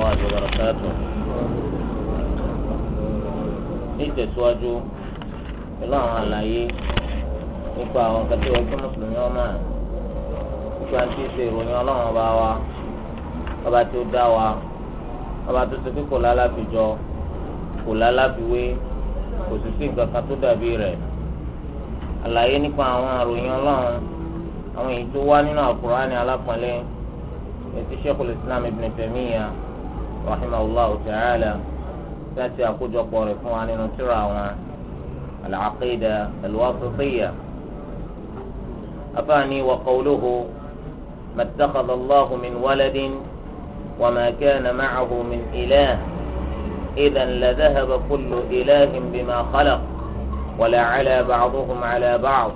الله وبركاته nítẹ̀síwájú pẹ̀lú àwọn àlàyé nípa àwọn kan tí wọ́n kí mùsùlùmí ọmọ ẹ̀ nípa tí ṣe ìròyìn ọlọ́run ọba wa ọba tí ó dá wa ọba tó ṣe pé kò lálábìjọ kò lálábìwé kò sì sí nǹkan kan tó dàbí rẹ̀ àlàyé nípa àwọn àròyìn ọlọ́run àwọn èyí tó wá nínú àkùránì alápọ̀nlé ètí Sheikhul Islam Ibn Taymiyyah. rahimahullahu ta'ala láti àkójọpọ̀ rẹ̀ fún wa nínú tírà wọn al-aqida al-wasitiyya afaani wa qawluhu ma ittakhadha allahu min waladin wa ma kana ma'ahu min ilah idan la dhahaba kullu ilahin bima khalaq wala cala ba'duhum cala ba'd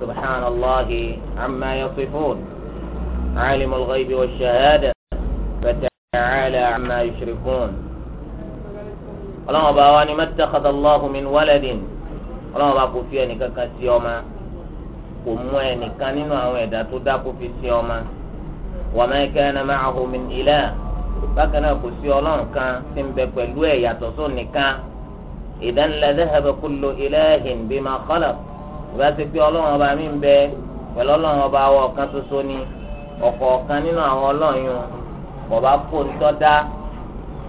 subhana allahi amma yasifun عالم الغيب والشهادة تعالى عما يشركون ọlọ́wọ́n bá wa ni mẹ́tẹ́kọ̀tà lọ́hùn mi wálẹ́dìn ọlọ́wọ́n bá kò fi ẹnìkan kan sí ọma kò mú ẹnìkan nínú àwọn ẹ̀dá tó dá kó fi sí ọma wàmẹ́ kẹ́hìn máa hù mí ilẹ̀ bákan náà kò sí ọlọ́run kan tí ń bẹ pẹ̀lú ẹ̀ yàtọ̀ sóun nìkan ìdánilẹ́dẹ́hẹ̀bẹ̀ kò lo ilẹ̀hìn bí máa kọ́lọ̀ ìbá ti pé ọlọ́run ọba mi ń bẹ pẹ̀lú ọlọ́run ọba ọ̀kan ṣoṣo ni ọ̀kọ̀ọ̀kan nínú àwọn ọlọ́run kọba kó ńtọ́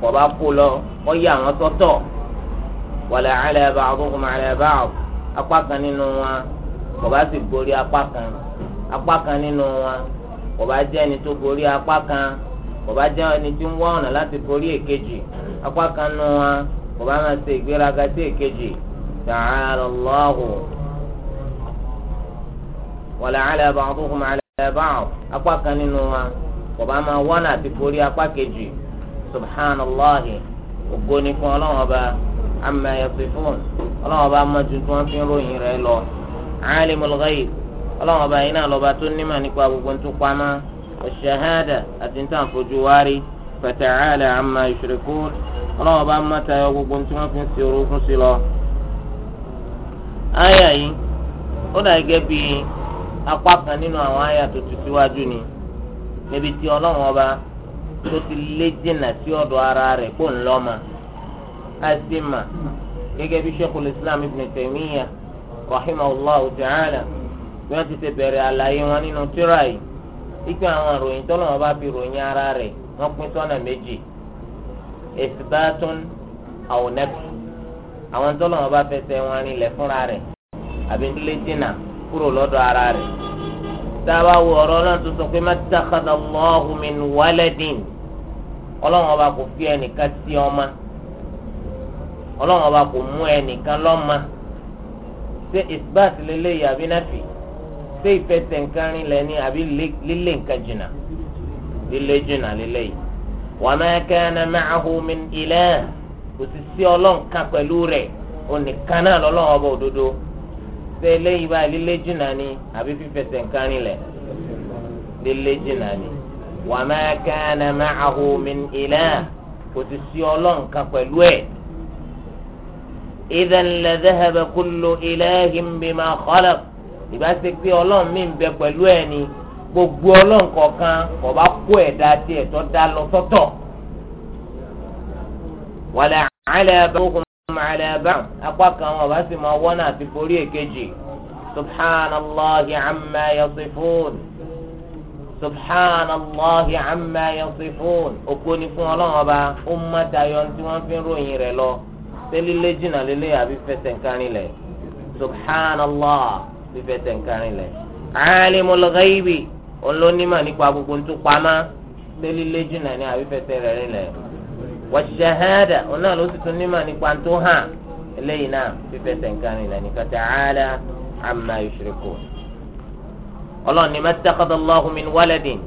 kọba kó lọ kọ́ yí àwọn sọ́tọ̀ wàlẹ̀ àlẹ́ bá àbúkùn bá apá kan nínú wọn kọba sì apá kan apá kan nínú wọn kọba ẹni tó apá kan kọba ẹni tí ń ọ̀nà láti èkejì apá kan nínú wọn kọba máa ṣe ìgbéraga sí èkejì bá bá apá kan nínú wọn. kọba máa wọ́nà ti forí apá kejì subhanallahi ògo ni fún ọlọ́wọ́n ọba amma yasifun ọlọ́wọ́n ọba mọ́jú tí wọ́n fi ń ròyìn rẹ̀ lọ alimul ghaib ọlọ́wọ́n ọba yìí náà lọ́ba tó nímọ̀ nípa gbogbo tó pamọ́ ọ̀ṣẹ̀hádà àti níta fojú wárí amma yushrikun ọlọ́wọ́n gbogbo tí wọ́n fi ń ṣe sí lọ. yìí ó apá níbi tí ọlọ́run ọba tó ti lé jìnnà sí ọ̀dọ̀ ara rẹ̀ kó ń asima gẹ́gẹ́ bí sheikhul islam ibn taymiya rahimahullah ta'ala bí wọ́n ti ṣe bẹ̀rẹ̀ àlàyé wọn nínú tírà yìí ikú àwọn ìròyìn tó lọ́wọ́ bá fi ròyìn ara rẹ̀ wọ́n pín sọ́nà méjì àwọn tó lọ́wọ́ bá fẹsẹ̀ wọn rinlẹ̀ fúnra rẹ̀ àbí ara rẹ̀. tába wo ọ̀rọ̀ náà tó sọ pé mẹtàkàdà Allahu min waladin ọlọ́run ọba kò fi ẹnìkan sí ọma ọlọ́run ọba kò mú ẹnìkan lọ́ma ṣé isbat lélẹ́yìí àbí nàfì ṣé ìfẹsẹ̀ nǹkan rìn lẹ́ni àbí lílé nǹkan jìnnà lílé jìnnà lélẹ́yìí wa ma kana ma'ahu min kò sì sí ọlọ́run kan pẹ̀lú rẹ̀ ònìkan náà lọ́lọ́run ọba òdodo ṣe eléyìí báyìí lílé jìnnà ni àbí fífẹsẹ̀ nǹkan rinlẹ̀ lílé jìnnà ni wa ma kana ma'ahu min ilah kò sì sí ọlọ́run kan pẹ̀lú ẹ̀ idhan la dhahaba kullu ilahin bima khalaq ìbá ṣe pé ọlọ́run mi ń bẹ pẹ̀lú ẹ̀ ni gbogbo ọlọ́run kọ̀ọ̀kan kò bá kó ẹ̀dá tiẹ̀ tó dá lọ sọ́tọ̀ wàlẹ̀ àlẹ́ abẹ́wò على بعض أقاك وبس ما ونا في فوري كجي سبحان الله عما يصفون سبحان الله عما يصفون أكوني فون أبا أمة ينتي وان في روحي رلو تلي لجنا للي أبي فتن كاني لي سبحان الله بفتن كاني لي عالم الغيب ولوني ما نكوا بكون تقاما تلي لجنا ني أبي فتن رلي wàṣahádà òun ona ló sì tún nímọ̀ nípa tó hàn eléyìí náà fífẹsẹ̀ nǹkan rìn lẹ́nu kàtà ààlà àmà ìṣirikù. ọlọ́run ní mẹ́tẹ́kọ́tà lọ́hùn mi wálẹ̀dìn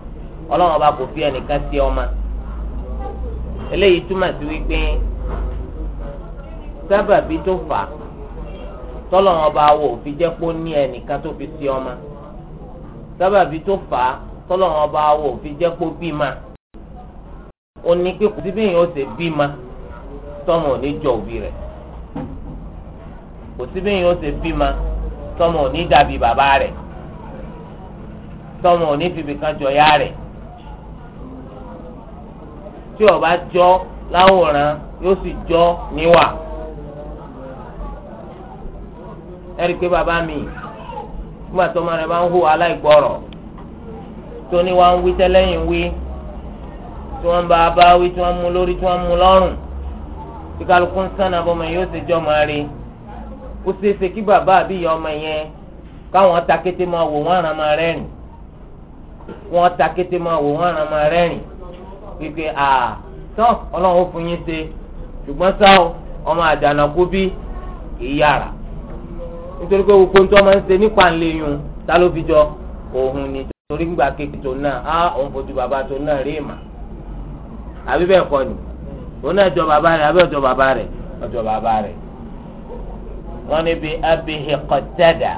ọlọ́run ọba kò fi ẹnìkan ọba fi fi sí sábàbí tó fà fi ó ní pé kò sí bí èèyàn ó ṣe bí ma tọmọ ò ní jọ òbí rẹ̀ kò sí bí èèyàn ó ṣe bí ma tọmọ ò ní dàbí bàbá rẹ̀ tọmọ ò ní fìbí kan jọ ya rẹ̀ tí ó bá jọ láwòrán yóò sì jọ níwà ẹ pé bàbá mi nígbà tó ọmọ rẹ̀ bá ń hùwà aláìgbọràn tó ní wá ń wí tẹ́lẹ́yìn wí. tí wọ́n bá bá wí tí wọ́n mú lórí tí wọ́n mú lọ́rùn tí kálukú ń sànà bọ́mọ yóò ṣe jọ máa rí ó ṣeé kí bàbá àbí ìyá ọmọ yẹn káwọn ta kété máa wò àràn máa ta kété máa wò àràn máa à tán ọlọ́run fún yín ṣe ṣùgbọ́n sá o ọmọ àdànà kú bí ìyára nítorí pé gbogbo máa ń ṣe nípa ni torí gbà kékeré tó náà á òun fojú bàbá tó náà rí àbí bẹ́ẹ̀ kọ́ ni òun náà jọ bàbá rẹ̀ àbí ọ̀jọ̀ bàbá rẹ̀ ọ̀jọ̀ bàbá rẹ̀ wọ́n ní bí abihi qatada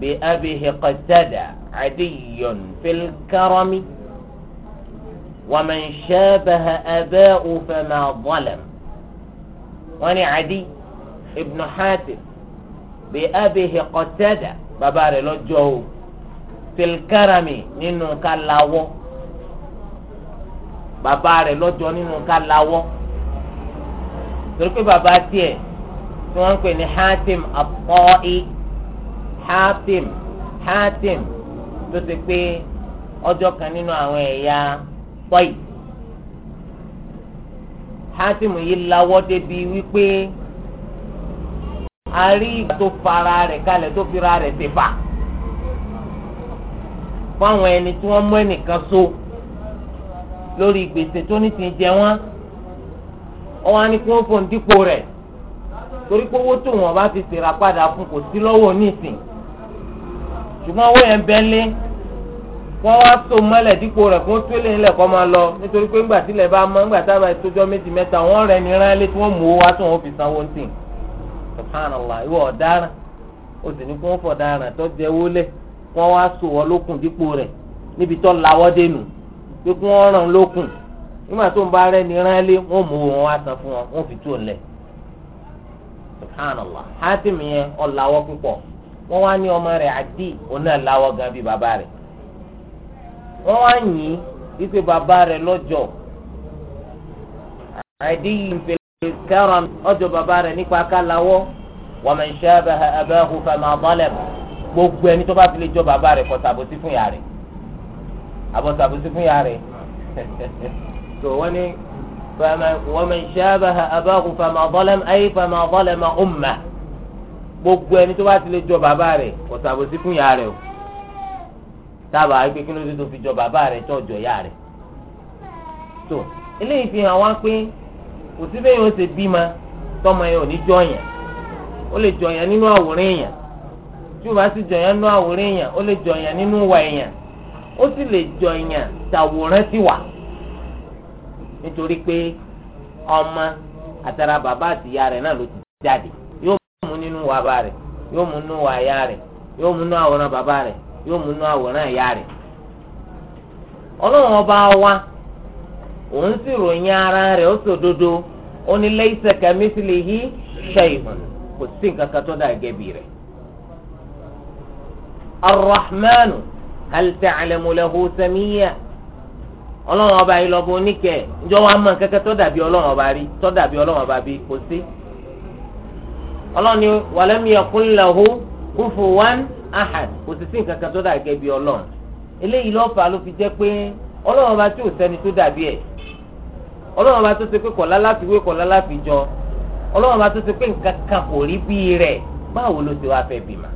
bí abihi qatada adiyun fil karami wa man shabaha abahu wọ́n ní adi ibn hatim bí abihi qatada bàbá rẹ̀ lọ́jọ́ o fil karami nínú kálawọ́ bàbá rẹ̀ lọ́jọ́ nínú ká lawọ́ torí pé bàbá tiẹ̀ tí wọ́n ń pè ní Hatim at Hatim Hatim tó ti pé ọjọ́ kan nínú àwọn ẹ̀yà pọ́ì Hatim yìí lawọ́ débi wípé a rí ìgbà tó fara rẹ̀ kalẹ̀ tó fira rẹ̀ ti fà fún àwọn ẹni tí wọ́n mú ẹnìkan so lórí gbèsè tó ní ti jẹ wọ́n ọwọ́ á ní kí wọ́n fòun dípò rẹ̀ torí pé owó tó wọn bá fi ṣèrà padà fún kò sí lọ́wọ́ nísìn ṣùgbọ́n owó yẹn bẹ́ẹ̀ lé wọ́n wá so mọ́lẹ̀ dípò rẹ̀ kó tó lé nílẹ̀ kọ́ máa lọ nítorí pé ńgbà tílẹ̀ bá mọ́ ńgbà tábà ìtọ́jọ́ méjì mẹ́ta wọ́n rẹ̀ ní rán lé tí wọ́n mú owó wá tó wọn fi sanwó ń sìn subhanallah ìwọ ọ̀daràn o sì ní kí wọ́n fọ̀daràn tó jẹ́ wọlé wọ́n wá so wọ́n lókun dípò rẹ̀ níbi tó lawọ́ dénú pé kí wọ́n ràn lókun nígbà tó ń bá rẹ ní rán lé wọn mú wọn wá san fún wọn wọn fi tú ọ lẹ subhanallah hatim yẹn ọ̀làwọ́ púpọ̀ wọ́n wá ní ọmọ rẹ̀ àdí òun náà láwọ́ gan bí bàbá rẹ̀ wọ́n wá yìn wípé bàbá rẹ̀ lọ́jọ́ àdí yìí ń pè kẹrọm bàbá rẹ̀ nípa káláwọ́ wọ́n mọ̀ ń ṣe abẹ́hu fẹ́mi abọ́lẹ̀ gbogbo ẹni tó bá fi lè jọ bàbá rẹ̀ kọ́ sàbòsí fún yàrá rẹ̀ àbọ̀sàbòsí fún yàrá rẹ̀ tó wọ́n ní wọ́n máa ń ṣáàbàhà abáhu fama bọ́lẹ́m ayé fama bọ́lẹ́m ọ̀mà gbogbo ẹni tó bá ti lè jọ bàbá rẹ̀ ọ̀sàbòsí fún yàrá rẹ̀ o tábà wípé kí ló dé tó fi jọ bàbá rẹ̀ tó jọ yàrá rẹ̀ tó eléyìí fi hàn wá pé kò síbẹ̀ yóò ṣe bímọ tọmọ yẹn ò ní jọyàn ó lè jọyàn nínú àwòrán èèyàn tí o bá sì jọyàn nínú àwòrán èèyàn ó lè jọyàn nínú ìwà èèyàn ó sì lè jọ èèyàn tàwòrán sí wa nítorí pé ọmọ àtàrà bàbá àti ìyá rẹ̀ náà ló ti jáde yóò mú nínú wa bá yóò mú nínú wa ìyá yóò mú nínú àwòrán bàbá rẹ̀ yóò mú nínú àwòrán ìyá rẹ̀ ọlọ́run ọba wa òun sì ròyìn ara hal ta'lamu lahu samiyya ọba yìí lọ́bọ oníkẹ́ ǹjọ́ wa mọ̀ kẹ́kẹ́ dàbí ọba rí tó dàbí ọlọ́run ọba bí kò sí. ọlọ́run ni ahad kò sì sí nǹkan kan tó dàbí bí eléyìí ló fi jẹ́ pé ọba tí ò sẹ́ni tó dàbí ọba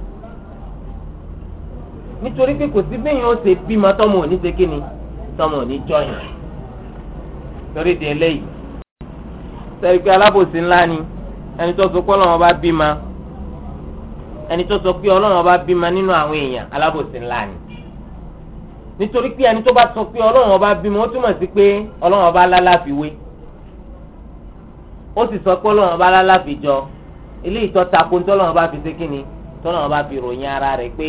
nítorí pé kò sí bẹ́yìn ó ṣe bímọ tọmọ òní ṣe kíni tọmọ òní jọyàn torí di eléyìí sẹ́yìn pé alábòsí ńlá ni ẹni tó sọ pé ọlọ́wọ́n bá bímọ ẹni tó sọ pé ọlọ́wọ́n bá bímọ nínú àwọn èèyàn alábòsí ńlá ni nítorí pé ẹni tó bá sọ pé ọlọ́wọ́n bá bímọ ó túmọ̀ sí pé ọlọ́wọ́n bá lálàfiwé ó sì sọ pé ọlọ́wọ́n bá lálàfijọ ilé ìtọ́ta kó ń tọ́lọ́wọ́n bá fi ṣe kíni tọ́lọ́wọ́n bá fi ròyìn ara rẹ̀ pé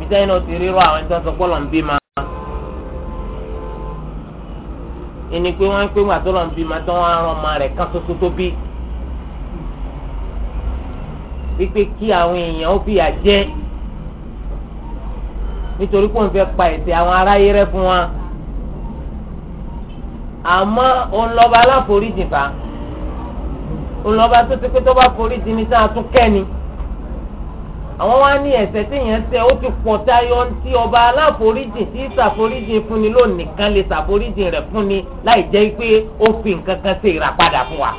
bísí ẹni náà ti rírọ àwọn ẹni tó ń sọ pọ́lọ̀ ń bí ma. ẹni pé wọ́n ń pé wàá tó lọ́n bí ma tó wọ́n á rán ọmọ rẹ̀ kan ṣoṣo tó bí. wípé kí àwọn èèyàn ó fìyà jẹ nítorí pé òun fẹ́ pa ẹ̀ṣẹ̀ àwọn aráyé rẹ́ fún wa. àmọ́ òun lọ́ba aláforíjì fa òun tó ti pé tó bá foríjì ní sáà tún kẹ́ni. àwọn wá ní ẹ̀ṣẹ̀ tí yẹn ṣẹ̀ ó ti pọ̀ tí ọba aláforíjìn tí ṣàforíjìn fúnni lónìí kan lè rẹ fún ni láì jẹ́ pé ó fi nǹkan kan ṣe ìràpadà fún wa.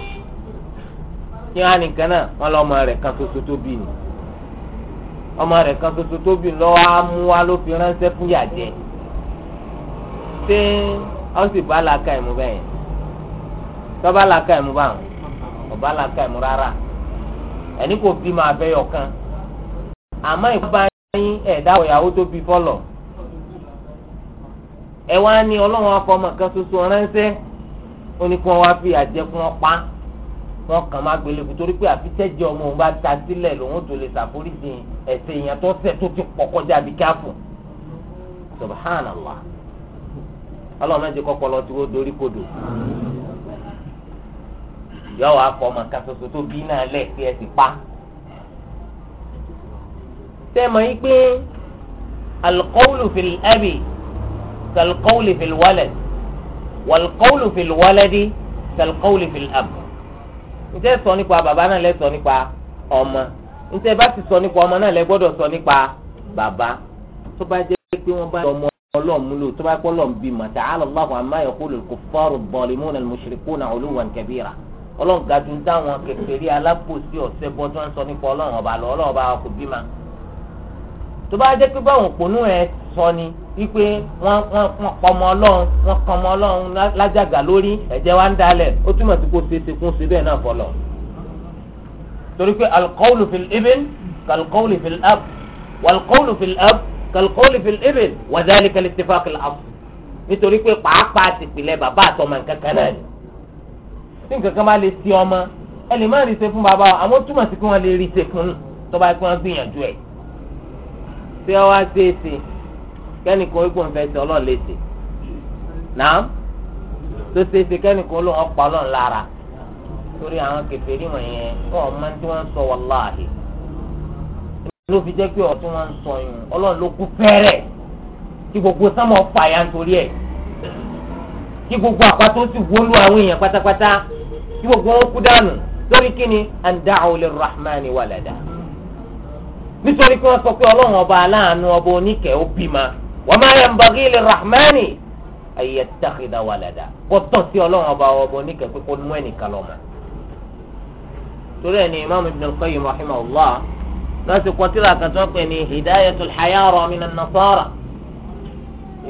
kí wọ́n á náà wọ́n lọ́mọ rẹ̀ kan tó ọmọ rẹ̀ kan tó lọ́wọ́ á mú wa ló fi ránṣẹ́ fún ṣé ó sì bá làákà ìmú bẹ́ẹ̀ yẹn làákà àmọ́ ìbúba yín ẹ̀dá ọ̀yàwó tó bí fọlọ̀ ẹ wá ní ọlọ́run afọmọ kan ṣoṣo ránṣẹ́ ó ní kí wọ́n wá fi àjẹkùn ọ̀pá wọn kàn máa gbélé kù torí pé àfitẹ́jẹ́ ọmọ òun bá ta sílẹ̀ lòun tó lè ṣàforíjì ẹ̀ṣẹ̀ èèyàn tó ṣẹ̀ tó ti pọ̀ kọjá bí káfù subhanallah ọlọ́run tí ó dorí kodò fọ kan tó bí náà ẹ ti pa. sẹ́mọ̀ yìí pé alqawlu fil abi kalqawli fil walad walqawlu fil waladi kalqawli fil ab ntẹ́ sọ nípa bàbá náà lẹ́ sọ nípa ọmọ ntẹ́ bá ti sọ nípa ọmọ náà lẹ́ gbọ́dọ̀ sọ nípa bàbá tó bá jẹ́ pé wọ́n bá ọmọ ọlọ́run lò tó bá pọ́ lọ́n bí mà ta'ala Allahu amma yaqulu al-kuffaru adh-dhalimuna al-mushrikuna 'uluwan ọlọ́run gàdúndà wọn kèfèrí alábòsí ọ̀sẹ̀ bọ́dún sọ nípa ọlọ́run ọba lọ ọlọ́run ọba kò bímọ tó bá jẹ́ pé báwọn òpònú rẹ̀ sọ ni wípé wọ́n wọ́n wọ́n pọmọ ọlọ́run wọ́n pọmọ ọlọ́run lájàgà lórí ẹ̀jẹ̀ wa ń dalẹ̀ ó túmọ̀ sí kó ṣeéṣe kún ṣe bẹ́ẹ̀ náà fọlọ́ torí pé alqawlu fil ibn kalqawli fil ab walqawlu fil ab kalqawli fil ibn wa dhalika al-ittifaq al-asl nítorí pé pàápàá ti pìlẹ̀ bàbá àtọmọ nǹkan náà ni tí nǹkan bá lè ti ọmọ ẹ lè má rí ṣe fún bàbá àmọ́ túmọ̀ sí kí wọ́n lè rí ṣe fún tó bá yẹ kí wọ́n gbìyànjú ẹ̀ tí ọ wá ṣèṣe kẹ́nìkan ogun fẹ́ tẹ ọlọ́run léṣe náà tó ṣèṣe kẹ́nìkan olóhùn ọ̀pá ọlọ́run lára torí àwọn kèfèrí wọ̀nyẹn wọn ọmọ tí wọ́n ń sọ ló fi jẹ́ pé ọ̀tún wọn ń sọ yìí ọlọ́run ló kú fẹ́rẹ̀ kí gbogbo nítorí pé wọ́n sọ pé ọlọ́run ọba aláàánú ọba oníkẹ́ ó bímọ wa ma yanbaghi lirrahmani ayyattakhidha walada wọ́tọ̀ sí ọlọ́run ọba ọba oníkẹ́ pé kó mú ẹnìkan lọ́mọ. torí ẹni imaamu ibn al-qayyim rahimahullah lọ́sì kọ́tìrà kan tó ń pè ní hidayatul hayara minan nasara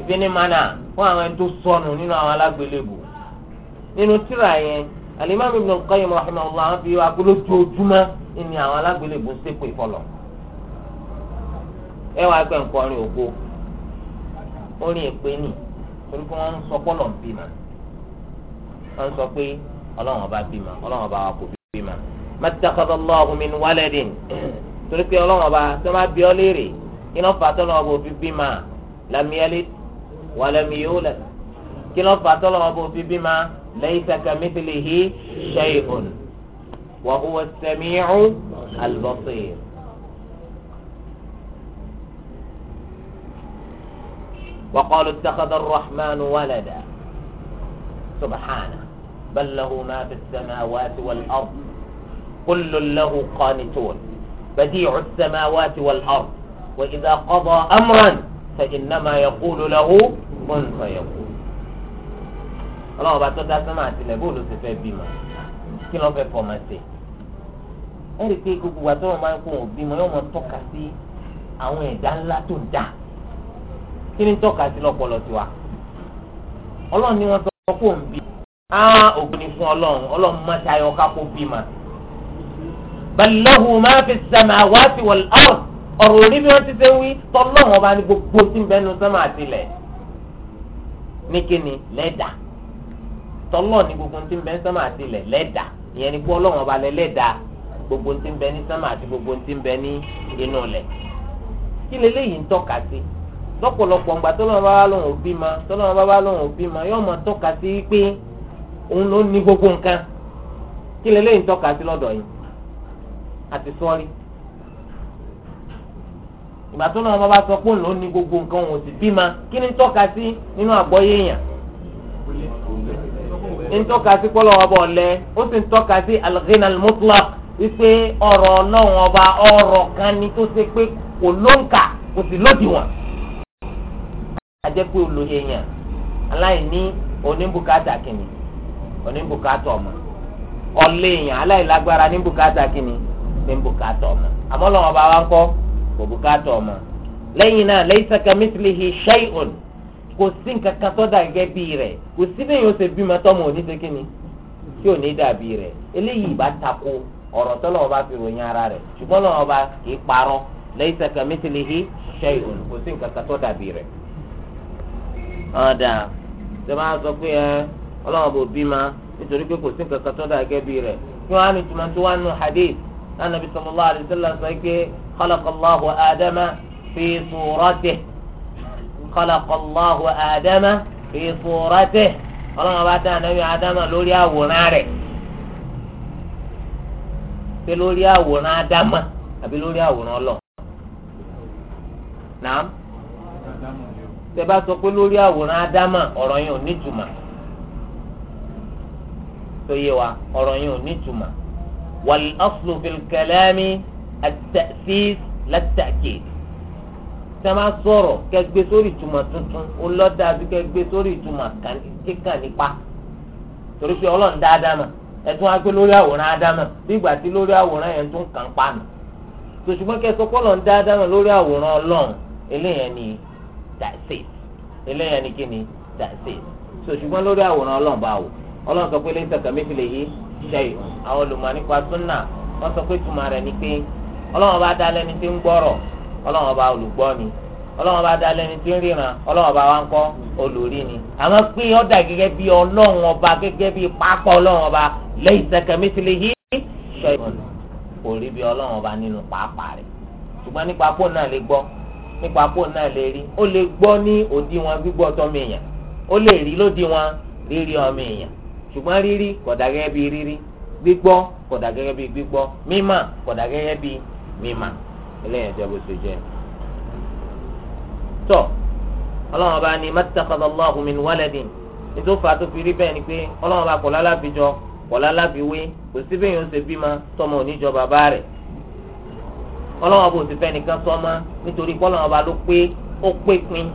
ìfinimánà fún àwọn ẹni tó sọnù nínú àwọn alágbélébù nínú tírà yẹn alimami ibn al-qayyim rahimahullah fi agolo tó ojúmọ́ ìní àwọn alágbélébù ń sépè fọlọ́ ẹ wá pẹ́ nǹkan orin ògo orin èpè nì torí pé wọ́n ń sọ pọ́lọ̀ ń bímọ wọ́n ń sọ pé ọlọ́run ọba bímọ ọlọ́run ọba wa kò bímọ mẹtẹkọtọ lọọgùn mi ní wálẹdìn torí pé ọlọ́run ọba tó máa bí ọ léèrè kí ló fà tọ́lọ́ ọba òfin bímọ lamiyẹlẹ wàlẹmiyẹwòlẹ kí ló fà tọ́lọ́ ọba òfin bímọ laysa kamithlihi shay'un wa huwa as-sami'u al-basir. وقالوا اتخذ الرحمن ولدا سبحانه بل له ما في السماوات والأرض كل له قانتون بديع السماوات والأرض وإذا قضى أمرا فإنما يقول له كن فيقول ọlọ́run bá tọ́jú asánmà àti ilẹ̀ bóòlù ti fẹ́ bímọ kí ló fẹ́ fọmọ sí ẹ rí i pé gbogbo wa tọ́wọ́ máa ń kó òun bímọ yóò mọ tọ́ka sí àwọn ẹ̀dá ńlá tó dáa kí ni tọ́ka sí lọ́pọ̀lọ́ tiwa ọlọ́run ni wọ́n sọ kó ń bí áá ògùn ni fún ọlọ́run ọlọ́run má ta ayọ̀ bí ma. balẹ̀hu máa fi sàmà wá sí wọ̀l ọ́r ọ̀rọ̀ orí bí wọ́n ti ṣe ń wí tọ́lọ́run ọba ní gbogbo tí ń bẹnu sọ́mà àtìlẹ̀ ní kíni lẹ́dà tọ́lọ́run ní gbogbo tí ń bẹnu sọ́mà àtìlẹ̀ lẹ́dà ìyẹn ni pé ọlọ́run ọba lẹ́lẹ́dà gbogbo tí ń bẹ ní sọ́mà àti gbogbo tí ń bẹ ní inú ilẹ̀ kí leléyìí ń tọ́ka sí lọ́pọ̀lọpọ̀ ńgbà tọ́lọ́run bá wà lóhùn òbí ma tọ́lọ́run bá wà lóhùn òbí ma yóò mọ tọ́ka sí pé òun ló ní gbogbo nǹkan kí lélẹ́yìn tọ́ka sí lọ́dọ̀ yìí àti sọ́ọ́rí ìgbà tó náà bàbá sọ pé òun ló ní gbogbo nǹkan òun sì bímọ kí ni ń tọ́ka sí nínú àgbọ́yé èèyàn ń tọ́ka sí pọ́lọ́ ọba ọ̀lẹ ó sì ń tọ́ka sí al-ghina wípé ọ̀rọ̀ ọlọ́run ọba ọ̀rọ̀ kan ni tó ṣe pé kò lóǹkà kò sì lódiwọ̀n. ajẹ́pé olóye yẹn aláìní oníbùkátà kìnnì oníbùkátà ọmọ ọ̀lẹ́ yẹn aláìlágbára níbùkátà kìnnì níbùkátà ọmọ àmọ́ bá wa ń kọ́ kò ọmọ lẹ́yìn náà laysa kamithlihi shay'un kò sí nǹkan kan tó dà bí rẹ̀ kò sí bẹ́ẹ̀ yóò ṣe bímọ tọ́mọ òní ṣe tí ò ní rẹ̀ eléyìí bá tako ọ̀rọ̀ tó bá fi ọ̀dà ṣe máa sọ pé ẹ ọlọ́wọ́ bò bí ma nítorí pé kò sí nǹkan kan tó dà gẹ́gẹ́ bí rẹ̀ kí wọ́n á ní tuma tó wá nù hadith anabi sallallahu alayhi wa sallam sọ pé khalaqallahu adama fi suratihi khalaqallahu adama fi suratihi ọlọ́wọ́ bá dá anabi adama lórí àwòrán rẹ̀ pé lórí àwòrán adama àbí lórí àwòrán ọlọ́ nàá tẹ bá sọ pé lórí àwòrán ádámà ọ̀rọ̀ yẹn ò ní ìtumọ̀ tó yé wa ọ̀rọ̀ yẹn ò ní ìtumọ̀ wal aslu fil kalami at-ta'sis lat-ta'kid tẹ máa sọ̀rọ̀ kẹ gbé sórí ìtumọ̀ tuntun ó lọ́dà bí kẹ gbé sórí ìtumọ̀ kíkà nípa torí pé ọlọ́run dá ádámà ẹ̀tún wá gbé lórí àwòrán ádámà bí ìgbà tí lórí àwòrán yẹn tún kàn pa nù tòṣùgbọ́n kẹ sọ tàṣìs eléyà ni kí ni tàṣìs so ṣùgbọ́n lórí àwòrán ọlọ́run wò ọlọ́run sọ pé lè tẹ̀sà méjìlè yìí ṣe ìhùn àwọn olùmọ̀ nípa súnà wọ́n sọ pé tùmọ̀ rẹ̀ ni pé ọlọ́run bá dá lẹ́ni tí ń gbọ́rọ̀ ọlọ́run bá olùgbọ́ ni ọlọ́run bá dá lẹ́ni tí ń ríran ọlọ́run bá wa ń kọ́ olórí ni àmọ́ pé ó dà gẹ́gẹ́ bí ọlọ́run ọba gẹ́gẹ́ bí pápá ọlọ́run ọba lẹ́yìn sẹ́kẹ̀ mẹ́sìlẹ̀ yìí ṣe ìhùn kò rí bí ọlọ́run ọba nínú pàápàá rẹ̀ ṣùgbọ́n nípa kó náà lè gbọ́ nípa pò náà lè rí ó lè gbọ́ ní òdiwọ̀n gbígbọ́ tọ́mọ èèyàn ó lè rí lódiwọ̀n rírí ọmọ èèyàn ṣùgbọ́n rírí kódà gẹ́gẹ́ bí rírí gbígbọ́ kódà gẹ́gẹ́ bí gbígbọ́ mímà kódà gẹ́gẹ́ bí mímà eléyìí ẹ̀jẹ̀ bó ṣe jẹ́ tọ́ ọlọ́run ọba ni mẹ́tẹ́kọ̀tà ọlọ́hùn mi wálẹ̀dìn nítorí fa tó fi rí bẹ́ẹ̀ ni pé ọlọ́run ọba kọ̀lá lábìjọ kọ̀lá lábìwé kò síbẹ̀ yóò ṣe bímọ tọmọ oníjọba bá rẹ̀ ọlọ́wọ́ bò sí fẹ́ nìkan sọ́mọ́ nítorí pọ́lọ́wọ́n ló pé ó pé pin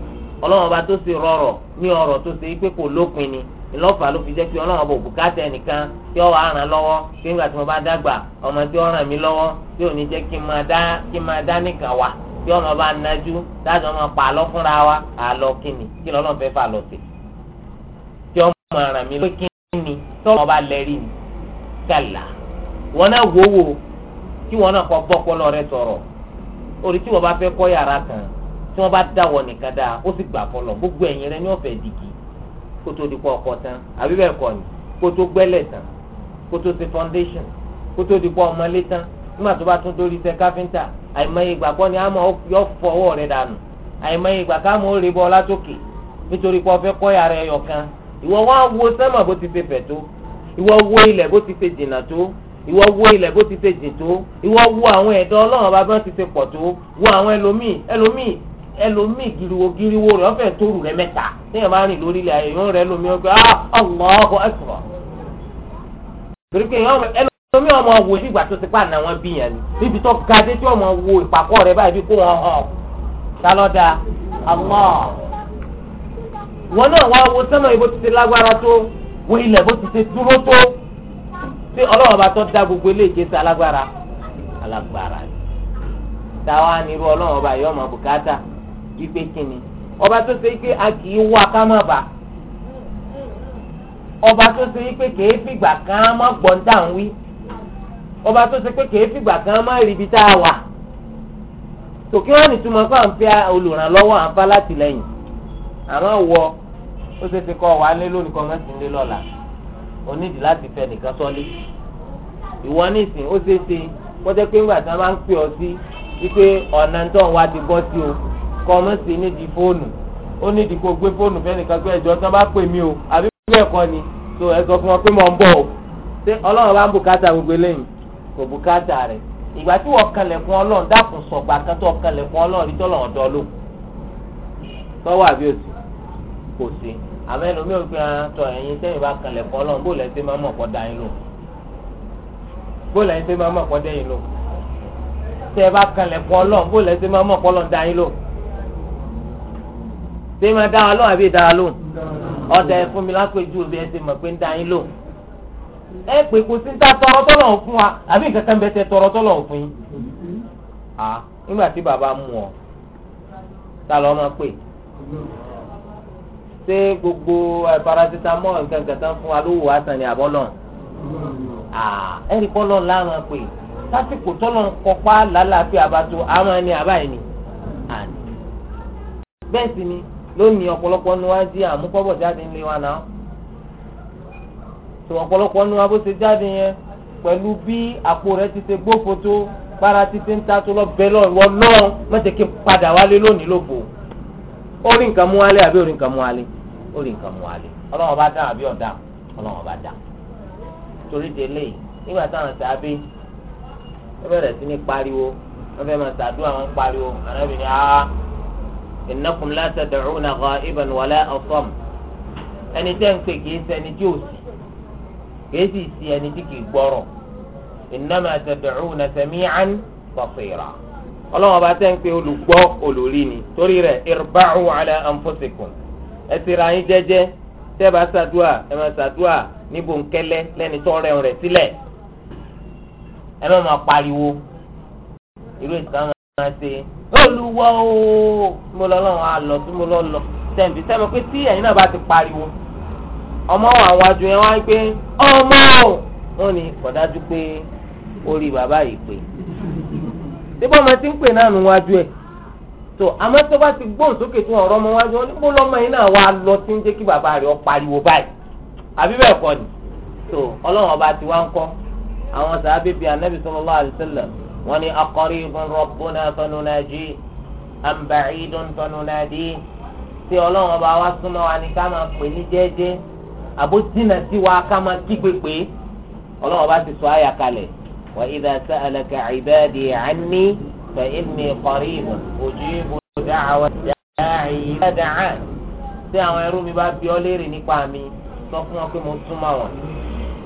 bá tó ṣe rọrọ̀ ní ọrọ̀ tó ṣe pé kò lópin ni ìlọ́fà ló fi jẹ́ pé ọlọ́wọ́n bò bùkátà ẹnìkan tí wà ràn lọ́wọ́ pé ọmọ tí tí ò ní jẹ́ kí n kí n máa wà tí ọmọ bá dájọ́ máa wa àlọ́ kíni kí fẹ́ fà lọ sí. tí ọmọ ràn mí lọ́wọ́ kí wọn náà kọ bọ́pọ́lọ́ rẹ sọ̀rọ̀ orí tí wọn bá fẹ́ kọ́ yàrá kan tí wọn bá dáwọ́ nìkan dáa ó sì gbà fọlọ̀ gbogbo ẹ̀yìn rẹ ní ọ̀fẹ́ dìgì kó tó di kọ́ ọkọ tán àbí bẹ́ẹ̀ kọ́ ni kó tó gbẹ́lẹ̀ tán kó tó ṣe foundation kó tó di kọ́ ọmọlé tán nígbà tó bá tún dórí iṣẹ́ káfíńtà àìmọye ìgbà kọ́ ni àmọ́ yọ fọ ọwọ́ rẹ dànù àìmọye ìgbà káàmù ó rí bọ́ látòkè nítorí pé ọfẹ́ kọ́ yàrá ẹyọ kan ìwọ wá wo sẹ́mà bó ti ṣe fẹ̀ tó ìwọ wo ilẹ̀ bó ti ṣe jìnnà tó ìwọ wo ilẹ̀ bó ti ṣe jìn tó ìwọ wo àwọn ẹ̀dọ́ ọlọ́run bá bọ́n ti ṣe pọ̀ tó wo àwọn ẹlòmíì ẹlòmíì ẹlòmíì giriwo giriwo rẹ̀ ọ̀fẹ́ tóru rẹ̀ mẹ́ta téèyàn bá rìn lórí ilẹ̀ ayé yóò rẹ̀ lómi ọ̀gbẹ́ Allahu Akbar. torí pé ẹlòmíì ọmọ wo ìgbà tó ti pààna wọn bí yẹn ni níbi tó ga dé tí ọmọ wo ìpàkọ́ rẹ̀ báyìí kó wọn hàn tálọ́dà Allah. wọn náà wá wo sẹ́mọ̀ ìbò ti ṣe lágbára tó wo ilẹ̀ bó ti ṣe dúró tó ṣé ọlọ́wọ́n bá tọ́ da gbogbo ilé alagbara alágbára alágbára ni táwa nírú ọlọ́wọ́n bá yọ ọmọ bùkátà wípé kíni ọba tó ṣe a kì wá ká má bà ọba tó ṣe pé kèé fìgbà kan má gbọ̀ǹda ń wí ọba tó ṣe pé kèé fìgbà kan má ríbi tá a wà tòkí wọn ní túmọ̀ fún àǹfẹ́ olùrànlọ́wọ́ àǹfà àmọ́ wọ ó ṣe ti onídìí láti fẹ́ nìkan sọ́lé ìwọ nísìn ó ṣeé ṣe kó jẹ́ pé ńgbà tí wọ́n bá ń pè ọ sí wípé ọ̀nà tó ń wá ti bọ́ sí o kọ́ ọmọ sí nídìí fóònù ó nídìí kó gbé fóònù fẹ́ nìkan pé ẹ̀jọ̀ tán bá pè mí o àbí bẹ́ẹ̀ kọ́ ni tó ẹ sọ fún wọn pé mò ń bọ̀ o ṣé ọlọ́run bá ń bùkátà gbogbo eléyìí kò bùkátà rẹ̀ ìgbà tí wọ́n kanlẹ̀kùn ọlọ́run dákun sọ̀gbà kan tó kanlẹ̀kùn ọlọ́run rí tọ́lọ̀ ọ̀dọ́ lò tọ́wọ́ àbí òsì kò sí àmọ́ ẹnu mi ò fi hàn tọ ẹ̀yin sẹ́yìn bá kalẹ̀ kọ́ lọ́n bó lẹ́sẹ̀ máa mọ̀ kọ́ da yín lò bó lẹ́sẹ̀ máa mọ̀ kọ́ da yín lò sẹ́yìn bá kalẹ̀ kọ́ lọ́n bó lẹ́sẹ̀ máa mọ̀ kọ́ lọ́n da yín lò sẹ́yìn máa dá wa lóhùn àbí dá wa lóhùn ọ̀dà ẹ̀fún mi lápẹ̀jù òbí ẹ̀sẹ̀ mọ̀ pé ń da yín lò ẹ pè kò sí ta tọrọ tọ́lọ̀ fún wa àbí nǹkan kan tẹ tọrọ tọ́lọ̀ fún yín nígbà tí bàbá mú ọ ta lọ́ máa pè ṣé gbogbo parasitamọ́ nǹkan kan tán fún wa ló wò á sàn ní àbọ́lọ̀ ẹ̀rí bọ́lọ̀ láwọn pé sásìkò tọ́lọ̀ ń kọpá lálàáfíà bá tó àwọn ẹni àbáyé ni àní. bẹ́ẹ̀ sì ni lónìí ọ̀pọ̀lọpọ̀ nu wá di àmúkọ́bọ̀ jáde ńlẹ̀ wa náà tó ọ̀pọ̀lọpọ̀ nu wá bó ṣe jáde yẹn pẹ̀lú bí àpò rẹ̀ ti ṣe gbófo tó bára ti ṣe ń ta tó lọ bẹ́ẹ̀ lọ ìwọ náà mọ̀tẹ́kẹ́ padà wálé lónìí lóko orí nǹkan mú wálé àbí orí nǹkan mú wálé ó rí nǹkan mú alẹ́ ọlọ́wọ́n bá dáhùn àbí ọ̀dà ọlọ́wọ́n bá dáhùn torí délé nígbà táwọn sábẹ́ wọ́n bẹ̀rẹ̀ sí ní pariwo wọ́n fẹ́ máa ṣàdúrà wọn pariwo ànábì ní aa innakum la tad'una gha'iban wala asam ẹni tẹ́ ń pè kìí ṣẹni tí ò sí kìí sì sí ẹni tí kìí gbọ́rọ̀ innama tad'una sami'an basira ọlọ́wọ́n bá tẹ́ ń pè olùgbọ́ olórí ni torí rẹ̀ irba'u ala anfusikum ẹ ti ra yín jẹ́jẹ́ tẹ́ẹ̀bà ṣàdúà ẹ máa ṣàdúà ní bòńkẹ́lẹ́ lẹ́ni tó rẹ̀ rẹ̀ sílẹ̀ ẹ má máa pariwo irú ìsìlámù máa ṣe olúwa ooo mo lọ lọ́wọ́ àlọ́ tí mo lọ lọ tẹ̀m̀bí sẹ́mi pé tí ẹ̀yin náà bá ti pariwo ọmọ àwọn àjò yẹn wá pé ọmọ o wọn ni kò dájú pé orí bàbá yìí pé síbí ọmọ tí ń pè náà nù wájú ẹ̀ tó àmọ́ tó bá ti gbóhùn sókè tí wọ́n rọ́ ọmọ wájú wọn ní bó lọ́mọ yìí náà wà á lọ tí ń jẹ́ kí bàbá rẹ̀ ọ pariwo báyìí àbí bẹ́ẹ̀ kọ́ ni tó ọlọ́run ọba ti wá ń kọ́ àwọn sàábì bíi anabi sallallahu alaihi wasallam wọ́n ní aqaribun rabbuna fanunaji am ba'idun fanunadi tí ọlọ́run ọba wá súnmọ́ wa ni ká máa pè ní jẹ́ẹ́jẹ́ àbó jìnnà sí wa ká máa kígbe فإني قريب أجيب دعوة داعي إذا دعان tí àwọn ẹrú mi bá bi ọ́ léèrè nípa mi sọ fún wọn pé mo súnmọ́ wọn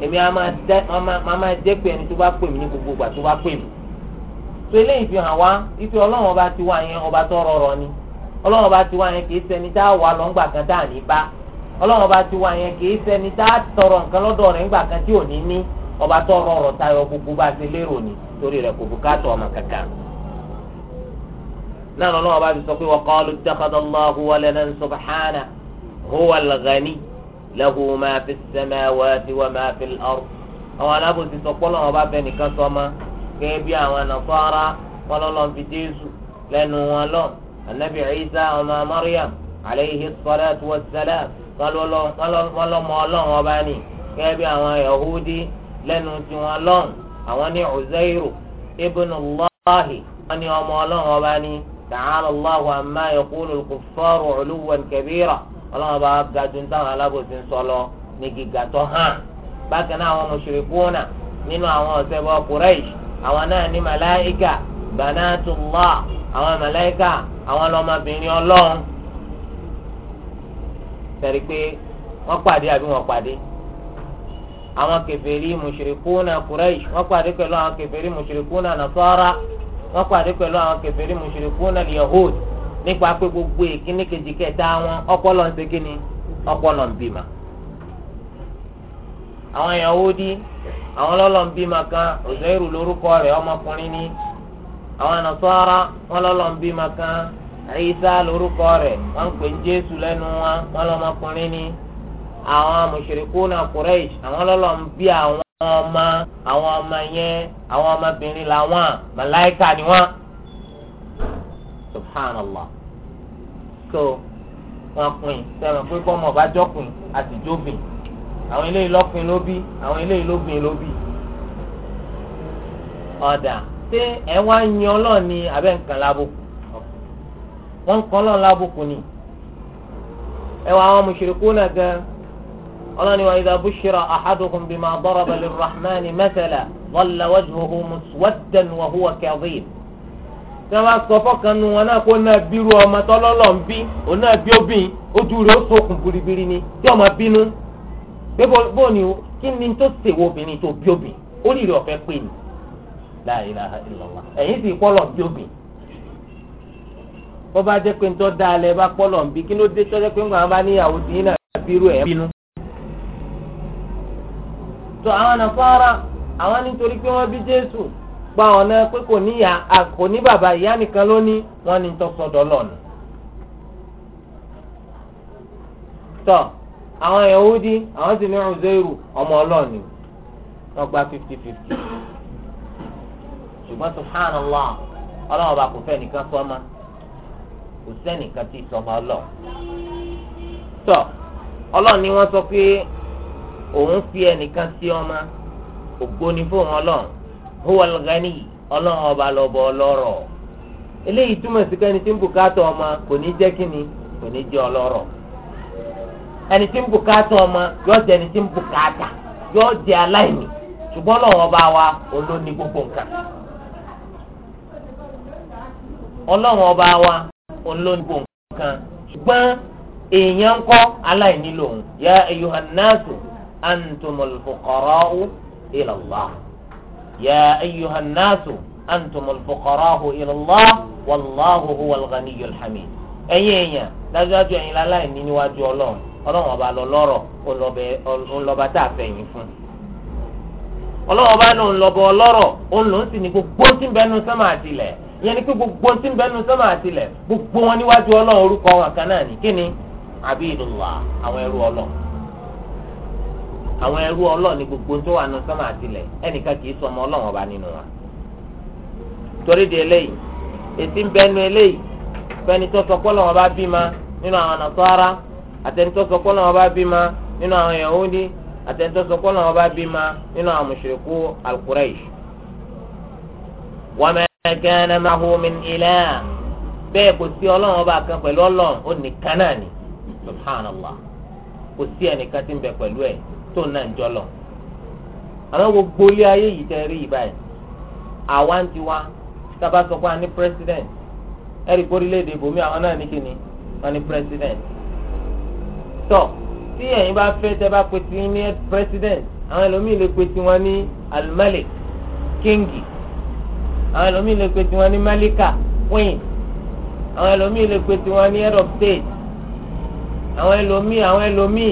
èmi a máa jẹ́ pé ẹni tó bá pè mí ní gbogbo ìgbà tó bá pè mí. tó eléyìí fi hàn wá ife ọlọ́run ọba ti wá yẹn ọba tó rọrọ ni ọlọ́run ọba ti wá yẹn kì í ṣẹni tá a wà lọ kan tá a ní bá ọlọ́run ọba ti wá yẹn kì í ṣẹni tá a tọrọ nǹkan lọ́dọ̀ rẹ̀ ńgbà kan tí ò ní ní ọba tó rọrọ tayọ gbogbo bá a ti lérò ni torí rẹ̀ kò náà lọ́wọ́ bá ti sọ pé wa qalu ittakhadha Allahu waladan subhana huwa al-ghani lahu ma fi as-samawati wa ma fi al-ard àwọn alábòsí sọ pé lọ́wọ́ bá fẹ́ nìkan sọ ma gẹ́gẹ́ bí àwọn nàfọ́ra wọn lọ́lọ́ fi jésù lẹ́nu wọn lọ anabi isa ọmọ mariam aleyhi salatu wa salam wọn lọ́mọ ọlọ́run ọba ni gẹ́gẹ́ bí àwọn yahudi lẹ́nu tiwọn lọ́n àwọn ní uzairu ibn allahi wọn ni ọmọ ọlọ́run ọba ni. تعالى الله عما يقول الكفار علوا كبيرا الله بقى قاعدون تاع لابو سين صلو نيجي غاتو ها بكنا هو مشركون نينو هو سبا قريش àwọn náà ní màláìka banatullah àwọn màláìka àwọn lọmọbìnrin Ọlọ́run sẹri pé wọ́n pàdé àbí wọ́n pàdé àwọn kèfèrí mushrikuna Quraysh wọ́n pàdé pẹ̀lú àwọn kèfèrí mushrikuna Nasara wọ́n pàdé pẹ̀lú àwọn kèfèrí mushrikun al-yahud nípa pé gbogbo ìkíní kejì kẹta wọn ọpọlọ ń segin ni ọpọlọ ń bímọ. àwọn yahudi àwọn lọ́lọ́ ń bímọ kan Uzairu lórúkọ ọmọkùnrin ni àwọn wọn ń bímọ kan lórúkọ pè ń Jésù wọn wọn ni àwọn àwọn ọmọ àwọn ọmọ yẹn àwọn ọmọbìnrin làwọn màláìka ni wọn subhanallah so wọn pin sẹwọn pé bọmọ bá jọkùn àti jóbìn àwọn eléyìí lọkùn ló bí àwọn eléyìí lóbìn ló bí ọ̀dà ṣé ẹ wá ń yan ọlọ́ọ̀ ni abẹ́ nǹkan lábùkù wọ́n ń kan ọlọ́ọ̀ lábùkù ni ẹ wọ àwọn mùsùlùkù náà gan-an ọlọ́ni wa idha bushira ahaduhum bima daraba lirrahmani mathalan dhalla wajhuhu muswaddan wa huwa kadhib. tí wọ́n bá sọ fọ́kànnù wọn náà kó náà bírú ọmọ tọ́lọ́lọ́ ń bí òun náà bí obìnrin ojú rẹ̀ ó sokùn biribiri ni tí ọmọ bínú pé bó ni o kí ni tó ṣèwọ obìnrin tó bí obìnrin ó lè rí ọ̀fẹ́ pé ni la sì pọ́lọ̀ bí obìnrin bó jẹ́ pé ń tọ́ da alẹ́ bá pọ́lọ̀ ń bí kí ló dé tọ́jọ́ pé ń gbà wọn bá níyàwó dín náà bínú. tó àwọn ara àwọn nítorí pé wọ́n bí jésù gba ọ̀nà pé kò ní kò ní bàbá ìyá nìkan wọn ní ní tọ́sọ̀dọ̀ lọ́nà. tọ àwọn yahudi àwọn sì ní ọ̀zẹ́rù ọmọ ọlọ́ọ̀ni wọ́n gba fifty fifty ṣùgbọ́n subhanallah ọlọ́wọ́n bá kò fẹ́ nìkan kò sẹ́nìkan tí ọlọ́ọ̀ ọlọ́ọ̀ni sọ pé. òun fi ẹnìkan sí ọmọ ògbóni fóun ọlọ́run huwal ghani ọlọ́run ọba lọ́bọ ọlọ́rọ̀ eléyìí túmọ̀ sí kẹ́ni tí ń bùkátà ọmọ kò ní jẹ́ kí ni kò ní jẹ́ ọlọ́rọ̀ ẹni tí ń bùkátà ọmọ yóò jẹ́ ẹni tí ń bùkátà yóò jẹ́ aláìní ṣùgbọ́n ọba wa olóní gbogbo nǹkan ọba wa olóní gbogbo nǹkan ṣùgbọ́n èèyàn ń kọ́ aláìní lòun ya ayyuhan أنتم الفقراء إلى الله يا أيها الناس أنتم الفقراء إلى الله والله هو الغني hamid أيها èèyàn dájúdájú ẹ̀yin láláì ní níwájú Ọlọ́run Ọlọ́run ọba lọ lọ́rọ̀ ńlọba tá a fẹ̀yìn fún Ọlọ́run ọba ló ń lọbọ ọlọ́rọ̀ òun ló ń sì ní gbogbo tí ń bẹnu sánmà àtìlẹ̀ ìyẹn ni pé gbogbo tí ń bẹnu sánmà àtìlẹ̀ gbogbo wọn níwájú Ọlọ́run orúkọ wọn kan náà ní kíni abidullah àwọn ẹrú Ọlọ́run àwọn ẹrú ọlọ́ọ̀ ní gbogbo tó wà nù sánmà àtìlẹ̀ ẹnìkan kì í sọ ọmọ ọlọ́ọ̀ ọba nínú wa. torí di eléyìí èsì ń bẹnu eléyìí fẹni tó sọ pọ́lọ́ wọn bá bímọ nínú àwọn nàtọ́ra àtẹni tó sọ pọ́lọ́ wọn bá bímọ nínú àwọn Yahudi àtẹni tó sọ pọ́lọ́ wọn bá bímọ nínú àwọn mushriku al-Quraysh. wa ma kana ma'hu min ilah bẹ́ẹ̀ kò sí ọlọ́run ọba kan pẹ̀lú ọlọ́run ó nìkan náà ni subhanallah kò sí ẹnìkan tí ń bẹ pẹ̀lú ẹ̀ tó náà ń jọlọ àwọn gbogbo ilé ayé yìí tẹ́ rí ìbáyìí àwa ń tiwa tába sọ pé a ní president ẹ̀rí kórìlédè bòmí àwọn náà ní kíni wọ́n ní president tọ́ tí ẹ̀yin bá fẹ́ tẹ́ bá pe ti ní president àwọn ẹlòmíì lè pe tiwọn ní alimalik kingi àwọn ẹlòmíì lè pe tiwọn ní malika queen àwọn ẹlòmíì lè pe tiwọn ní head of state àwọn ẹlòmíì àwọn ẹlòmíì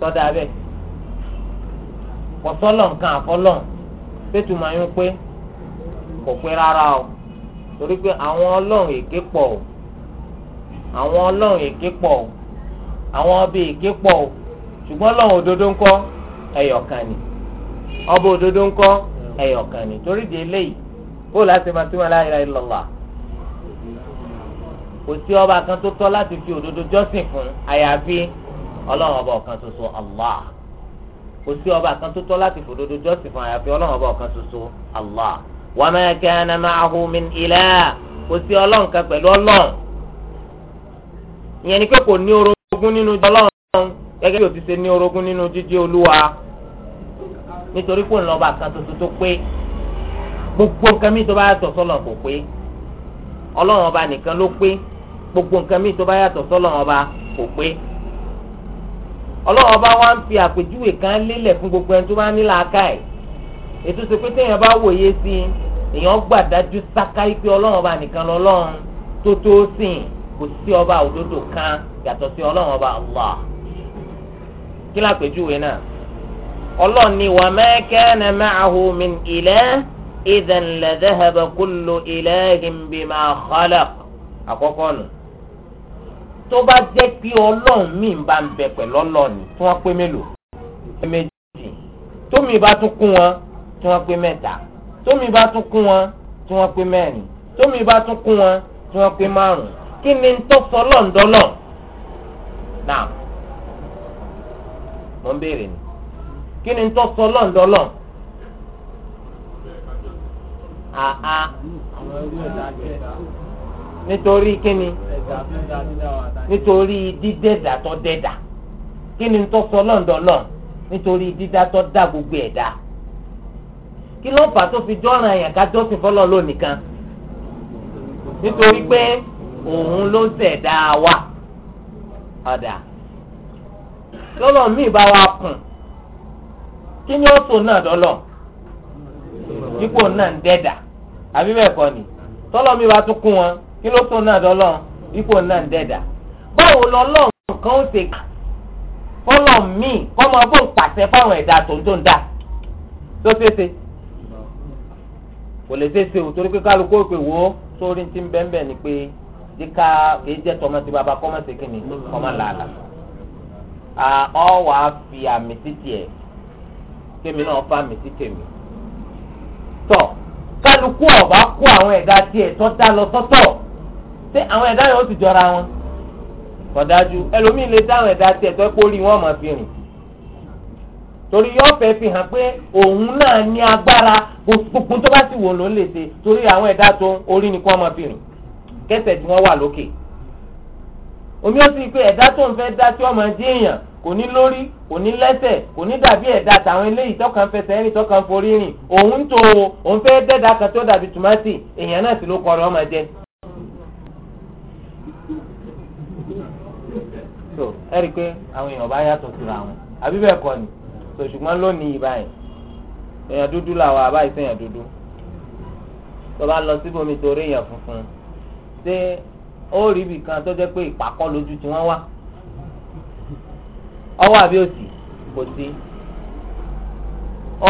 sọ́dà bẹ́ẹ̀ kò sọ́lọ̀ nǹkan àfọlọ́ pétu máa ń pé kò pé rárá o torí pé àwọn ọlọ́run èké pọ̀ o àwọn ọlọ́run èké pọ̀ o àwọn ọbẹ̀ èké pọ̀ o ṣùgbọ́n ọlọ́run òdodo ńkọ́ ẹ̀yọ̀kan ni ọba òdodo ńkọ́ ẹ̀yọ̀kan ni torí di eléyìí kó láti máa túmọ̀ la ilaha illallah kò sí ọba kan tó tọ́ láti fi òdodo jọ́sìn fún àyàfi ọlọ́run ọba ọ̀kan ṣoṣo allah kò sí ọba kan tó tọ́ láti fòdodo jọ́sìn fún àyàfi ọlọ́run ọba ọ̀kan ṣoṣo allah wa ma kana ma'ahu min ilah kò sí ọlọ́run kan pẹ̀lú ọlọ́run ìyẹn ni pé kò ní orogún nínú ọlọ́run gẹ́gẹ́ bí o ṣe ní orogún nínú jíjẹ́ olúwa nítorí pé ńlọba kan ṣoṣo tó pé gbogbo nǹkan mi tó bá yàtọ̀ sọ́lọ̀ kò pé ọlọ́run ọba nìkan ló pé gbogbo nǹkan mi tó bá yàtọ̀ sọ́lọ̀ ọba kò pé ọlọ́run ọba wa ń fi àpèjúwe kan lélẹ̀ fún gbogbo ẹni tó bá ní làákà ẹ̀ ètò ìsèpé téèyàn bá wòye sí i èèyàn gbàdájú sákáyí pé ọlọ́run ọba nìkan lọ́lọ́run tó tó sìn kò sí ọba òdodo kan yàtọ̀ sí ọlọ́run ọba Allah kí lápèjúwe náà ọlọ́run ni wa ma kana ma'ahu min ilah idhan la dhahaba kullu ilahin àkọ́kọ́ nù tó bá jẹ́ pé ọlọ́run míì bá ń bẹ pẹ̀lú ọlọ́ọ̀ni tí wọ́n pé mélòó pé méjì tómi bá tún kún wọn tí wọ́n pé mẹ́ta tómi bá tún kún wọn tí wọ́n pé mẹ́rin tómi bá tún kún wọn tí wọ́n pé márùn kí ni tó sọ lọ́ǹdọ́lọ́ náà mo ń béèrè ni kí ni tó sọ lọ́ǹdọ́lọ́ àá nítorí kí ni nítorí dídẹ́dà tó dẹ́dà kí ni tó sọ lọ́ndọ̀ náà nítorí dídá tó dá gbogbo ẹ̀ dá kí ló fà tó fi jọ́ràn yẹn ká jọ́sìn fọlọ́ lónìí kan nítorí pé òun ló ṣẹ̀dá wa ọ̀dà lọ́lọ́ mi bá wa kùn kí ni ó tó náà dọ́lọ́ dípò náà ń dẹ́dà àbí bẹ́ẹ̀ kọ́ ni tọ́lọ́ mi bá tún kún wọn kí ló tó náà dọ́lọ́ ipò náà ń dẹ̀dà báwo lọ́lọ́run kan ó ṣe fọlọ́ míì kọ́ máa bó ń pàṣẹ fáwọn ẹ̀dá tó ń tó ń dà tó ṣeéṣe kò lè ṣeéṣe o torí pé kálukú òpè wò ó sórí ti ń bẹ́ẹ̀ ni pé díka kì í jẹ́ tọmọ tí baba kọ́ máa ṣe kí ni kọ́ máa làálà ọ wàá fi àmì títì ẹ̀ kémi náà fa àmì títì mi tọ́ kálukú ọ̀bá kó àwọn ẹ̀dá tiẹ̀ tó dá lọ sọ́tọ̀. ṣé àwọn ẹ̀dá yẹn ó sì jọra wọn kọ̀dájú ẹlòmíì lè dá àwọn ẹ̀dá tiẹ̀ tó kórì wọn mọ̀ fi rìn torí yóò fẹ́ fi hàn pé òun náà ní agbára gbogbo tó bá sì wò ló ń lè ṣe torí àwọn ẹ̀dá tó orí ni tí wọ́n wà lókè omi ó sì pé ẹ̀dá tó ń fẹ́ dá tí ọmọ èèyàn kò ní lórí kò ní lẹ́sẹ̀ kò ní dàbí ẹ̀dá eléyìí fẹsẹ̀ forí rìn òun tó òun fẹ́ dẹ́dá kan tó dàbí tòmátì èèyàn náà sì ló ọmọ so ẹ rí i pé àwọn èèyàn bá yàtọ̀ síra wọn àbí bẹ́ẹ̀ kọ́ ni so ṣùgbọ́n lónìí báyìí èèyàn dúdú làwọn àbá ìsèèyàn dúdú tó bá lọ síbòmí torí èèyàn funfun ṣé ó rí ibì kan tó jẹ́ pé ìpàkọ́ lójú tí wọ́n wà ọwọ́ àbí òsì kò sí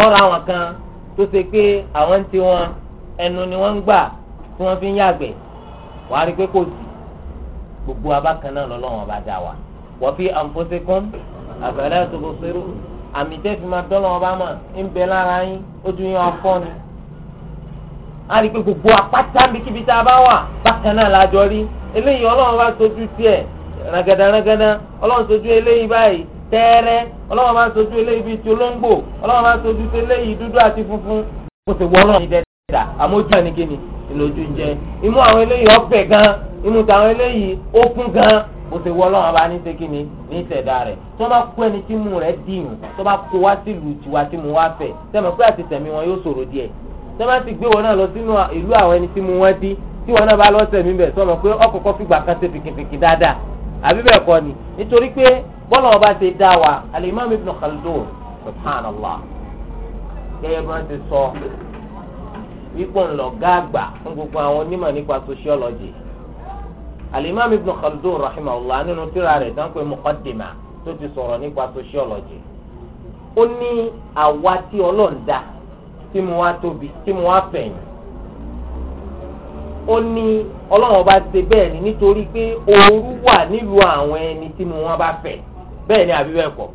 ọ̀rọ̀ àwọn kan tó ṣe pé àwọn ń tiwọn ẹnu ni wọ́n ń gbà tí wọ́n fi ń yàgbẹ́ wàá rí i pé kò sí gbogbo abákan náà lọ́lọ́wọ́n bá dá wa wa fi anfusikum afala tubsiru àmì tẹ́sí máa dọ́lọ́ ọba mà ń bẹ lára yín ojú yín ọfọ́ ni. a rí i pé gbogbo apáta níbikíbi tá a bá wà bákan náà la jọ rí eléyìí ọlọ́run bá sojú tiẹ̀ rangada rangada ọlọ́run sojú eléyìí báyìí tẹ́ẹ́rẹ́ ọlọ́run bá sojú eléyìí bíi ti olóńgbò ọlọ́run bá sojú ti eléyìí dúdú àti funfun kò sì wọ́n náà ní dẹ́dà àmójú ẹnikẹ́ni ìlójú jẹ imú àwọn eléyìí ọ̀pẹ̀ gan imú bó ṣe wọ́ ọlọ́run bá ní ṣe kí ni ní ìṣẹ̀dá rẹ̀ tó bá kó ẹni tí mú rẹ̀ dìyàn tó bá kó wá sí ìlú tiwa tí mo wá fẹ̀ sẹ́mi pé àti tẹ̀mí wọn yóò ṣòro díẹ̀ tó bá ti gbé wọn náà lọ sínú ìlú àwọn ẹni tí mo wọ́n dí tí wọn náà bá lọ́sẹ̀ mi bẹ̀ sọ́mọ pé ọkọ̀ọ̀kọ́ fìgbà kan ṣe fìkìfìkì dáadáa àbí bẹ́ẹ̀ kọ́ ni nítorí pé bọ́lá ọba ṣe dá wa alimami ibn khaldun subhanallah gẹ́gẹ́ bí wọ́n ti sọ wípé ńlọ gáàgbà fún gbogbo àwọn onímọ̀ nípa sociology alimami ibn khaldun rahimahullah nínú tírà rẹ̀ tán pé muqaddima tó ti sọ̀rọ̀ nípa sociology ó ní àwa tí ọlọ́run dá tí mo wá tóbi tí mo wá fẹ̀yìn ó ní ọlọ́run ọba ṣe bẹ́ẹ̀ ni nítorí pé ooru wà nílùú àwọn ẹni tí mo wọ́n bá fẹ̀ bẹ́ẹ̀ ni àbí bẹ́ẹ̀ kọ́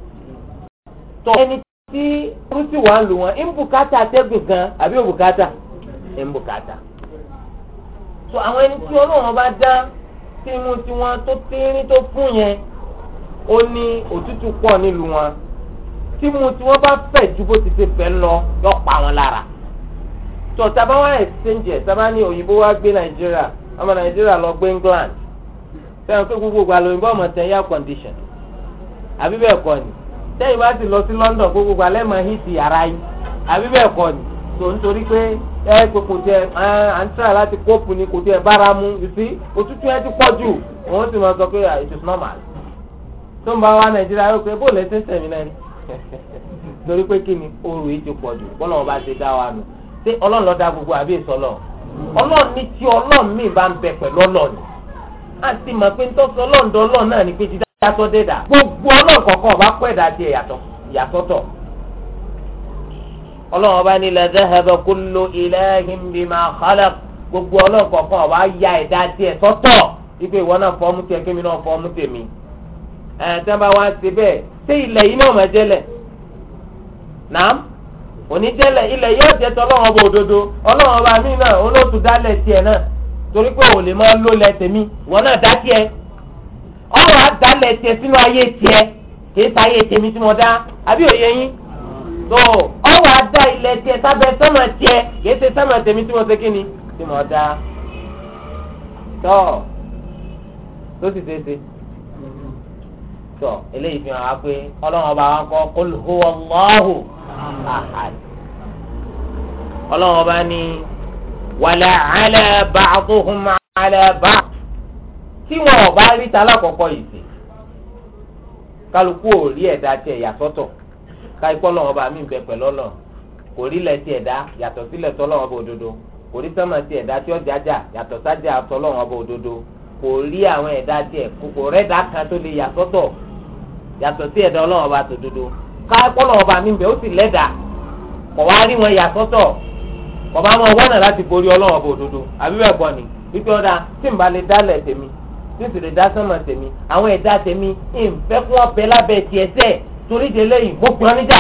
tọ́ ẹni tí ooru sì wà lù wọ́n ń bùkátà tẹ́gùn gan àbí òbùkátà ń bùkátà so àwọn ẹni tí ọlọ́run ọba dá tí imú tiwọn tó tínrín tó fún yẹn ó ní òtútù pọ̀ nílùú wọn tí imú tiwọn bá fẹ̀ ju bó ti ṣe fẹ́ lọ yọ pa wọn lára tó taba wá exchange ẹ̀ taba ní òyìnbó wá gbé nàìjíríà ọmọ nàìjíríà lọ gbé england sẹ́yìn pé gbogbo ìgbà lóyìnbó ọmọ tẹ̀ yá condition àbí bẹ́ẹ̀ kọ́ ni sẹ́yìn bá ti lọ sí london gbogbo ìgbà lẹ́ẹ̀mọ hìtì yàrá yìí àbí bẹ́ẹ̀ kọ́ ni tó nítorí pé ẹ pé kò ẹ à ni kò mu òtútù ẹ ti pọ̀ jù òun sì máa sọ ah, it is normal tó ń bá wa nàìjíríà yóò pé bó lè ṣe náà ni torí pé kí ni oru yìí ti pọ̀ jù bọ́lá ọba ti dá wa nù ṣé ọlọ́run ló dá gbogbo àbí èso lọ ọlọ́run ní tí mi bá ń bẹ pé ọlọrun náà ni pé ti dá gbogbo kọkọ ọba ti tọ. ọlọ́run ọba ní la dhahaba kullu ilahin bima khalaq gbogbo ọlọ́run kọ̀ọ̀kan ọba ya ẹ̀dá tiẹ̀ sọ́tọ̀ ipe ìwọ náà fọ́ ọmú tiẹ̀ kémi náà fọ́ ọmú tèmi ẹ̀ tí wọ́n bá wá ṣe bẹ́ẹ̀ ṣé ilẹ̀ yìí náà máa jẹ́lẹ̀ nàám oníjẹ́lẹ̀ ilẹ̀ yóò jẹ́ tọ́ ọlọ́run ọba òdodo ọlọ́run ọba mi náà olóòtú dálẹ̀ tiẹ̀ náà torí pé òun lè máa ló tó ọwọ́ adá ilẹ̀ tiẹ̀ sábẹ́ sọ́mà tiẹ̀ kìí ṣe sọ́mà tèmi tí mo ṣe kí ni tí mo dá tọ́ tó sì ṣe ṣe tọ́ eléyìí fi hàn wá pé ọlọ́run ọba wa kọ́ qul huwa Allahu ahad ọlọ́run ọba ní wàlà ala ba'duhum ala ba'd tí wọn ọba rí ta lákọ̀ọ́kọ́ yìí sí kálukú ò rí ẹ̀dá tiẹ̀ yà káyipọ́ lọ́wọ́ bá mi bẹ̀ pẹ̀lú ọ̀nà kò rí lẹ̀ tiẹ̀ dá yàtọ̀ sílẹ̀ tọ́lọ́wọ́ bá òdodo kò rí sọ́mọ tiẹ̀ dá tí ọjà jà yàtọ̀ sájà tọ́lọ́wọ́ bá òdodo kò rí àwọn ẹ̀dá tiẹ̀ kò rẹ́dá kan tó lè yàtọ̀tọ̀ yàtọ̀ sí ẹ̀dá ọlọ́wọ́ bá tòdodo káyipọ́ lọ́wọ́ bá mi bẹ̀ ó sì lẹ́dà kò wá rí wọn yàtọ̀tọ̀ kò bá wọn wọ́nà láti borí ọlọ́wọ́ torí de lẹ́yìn mo pè ọ́ níjà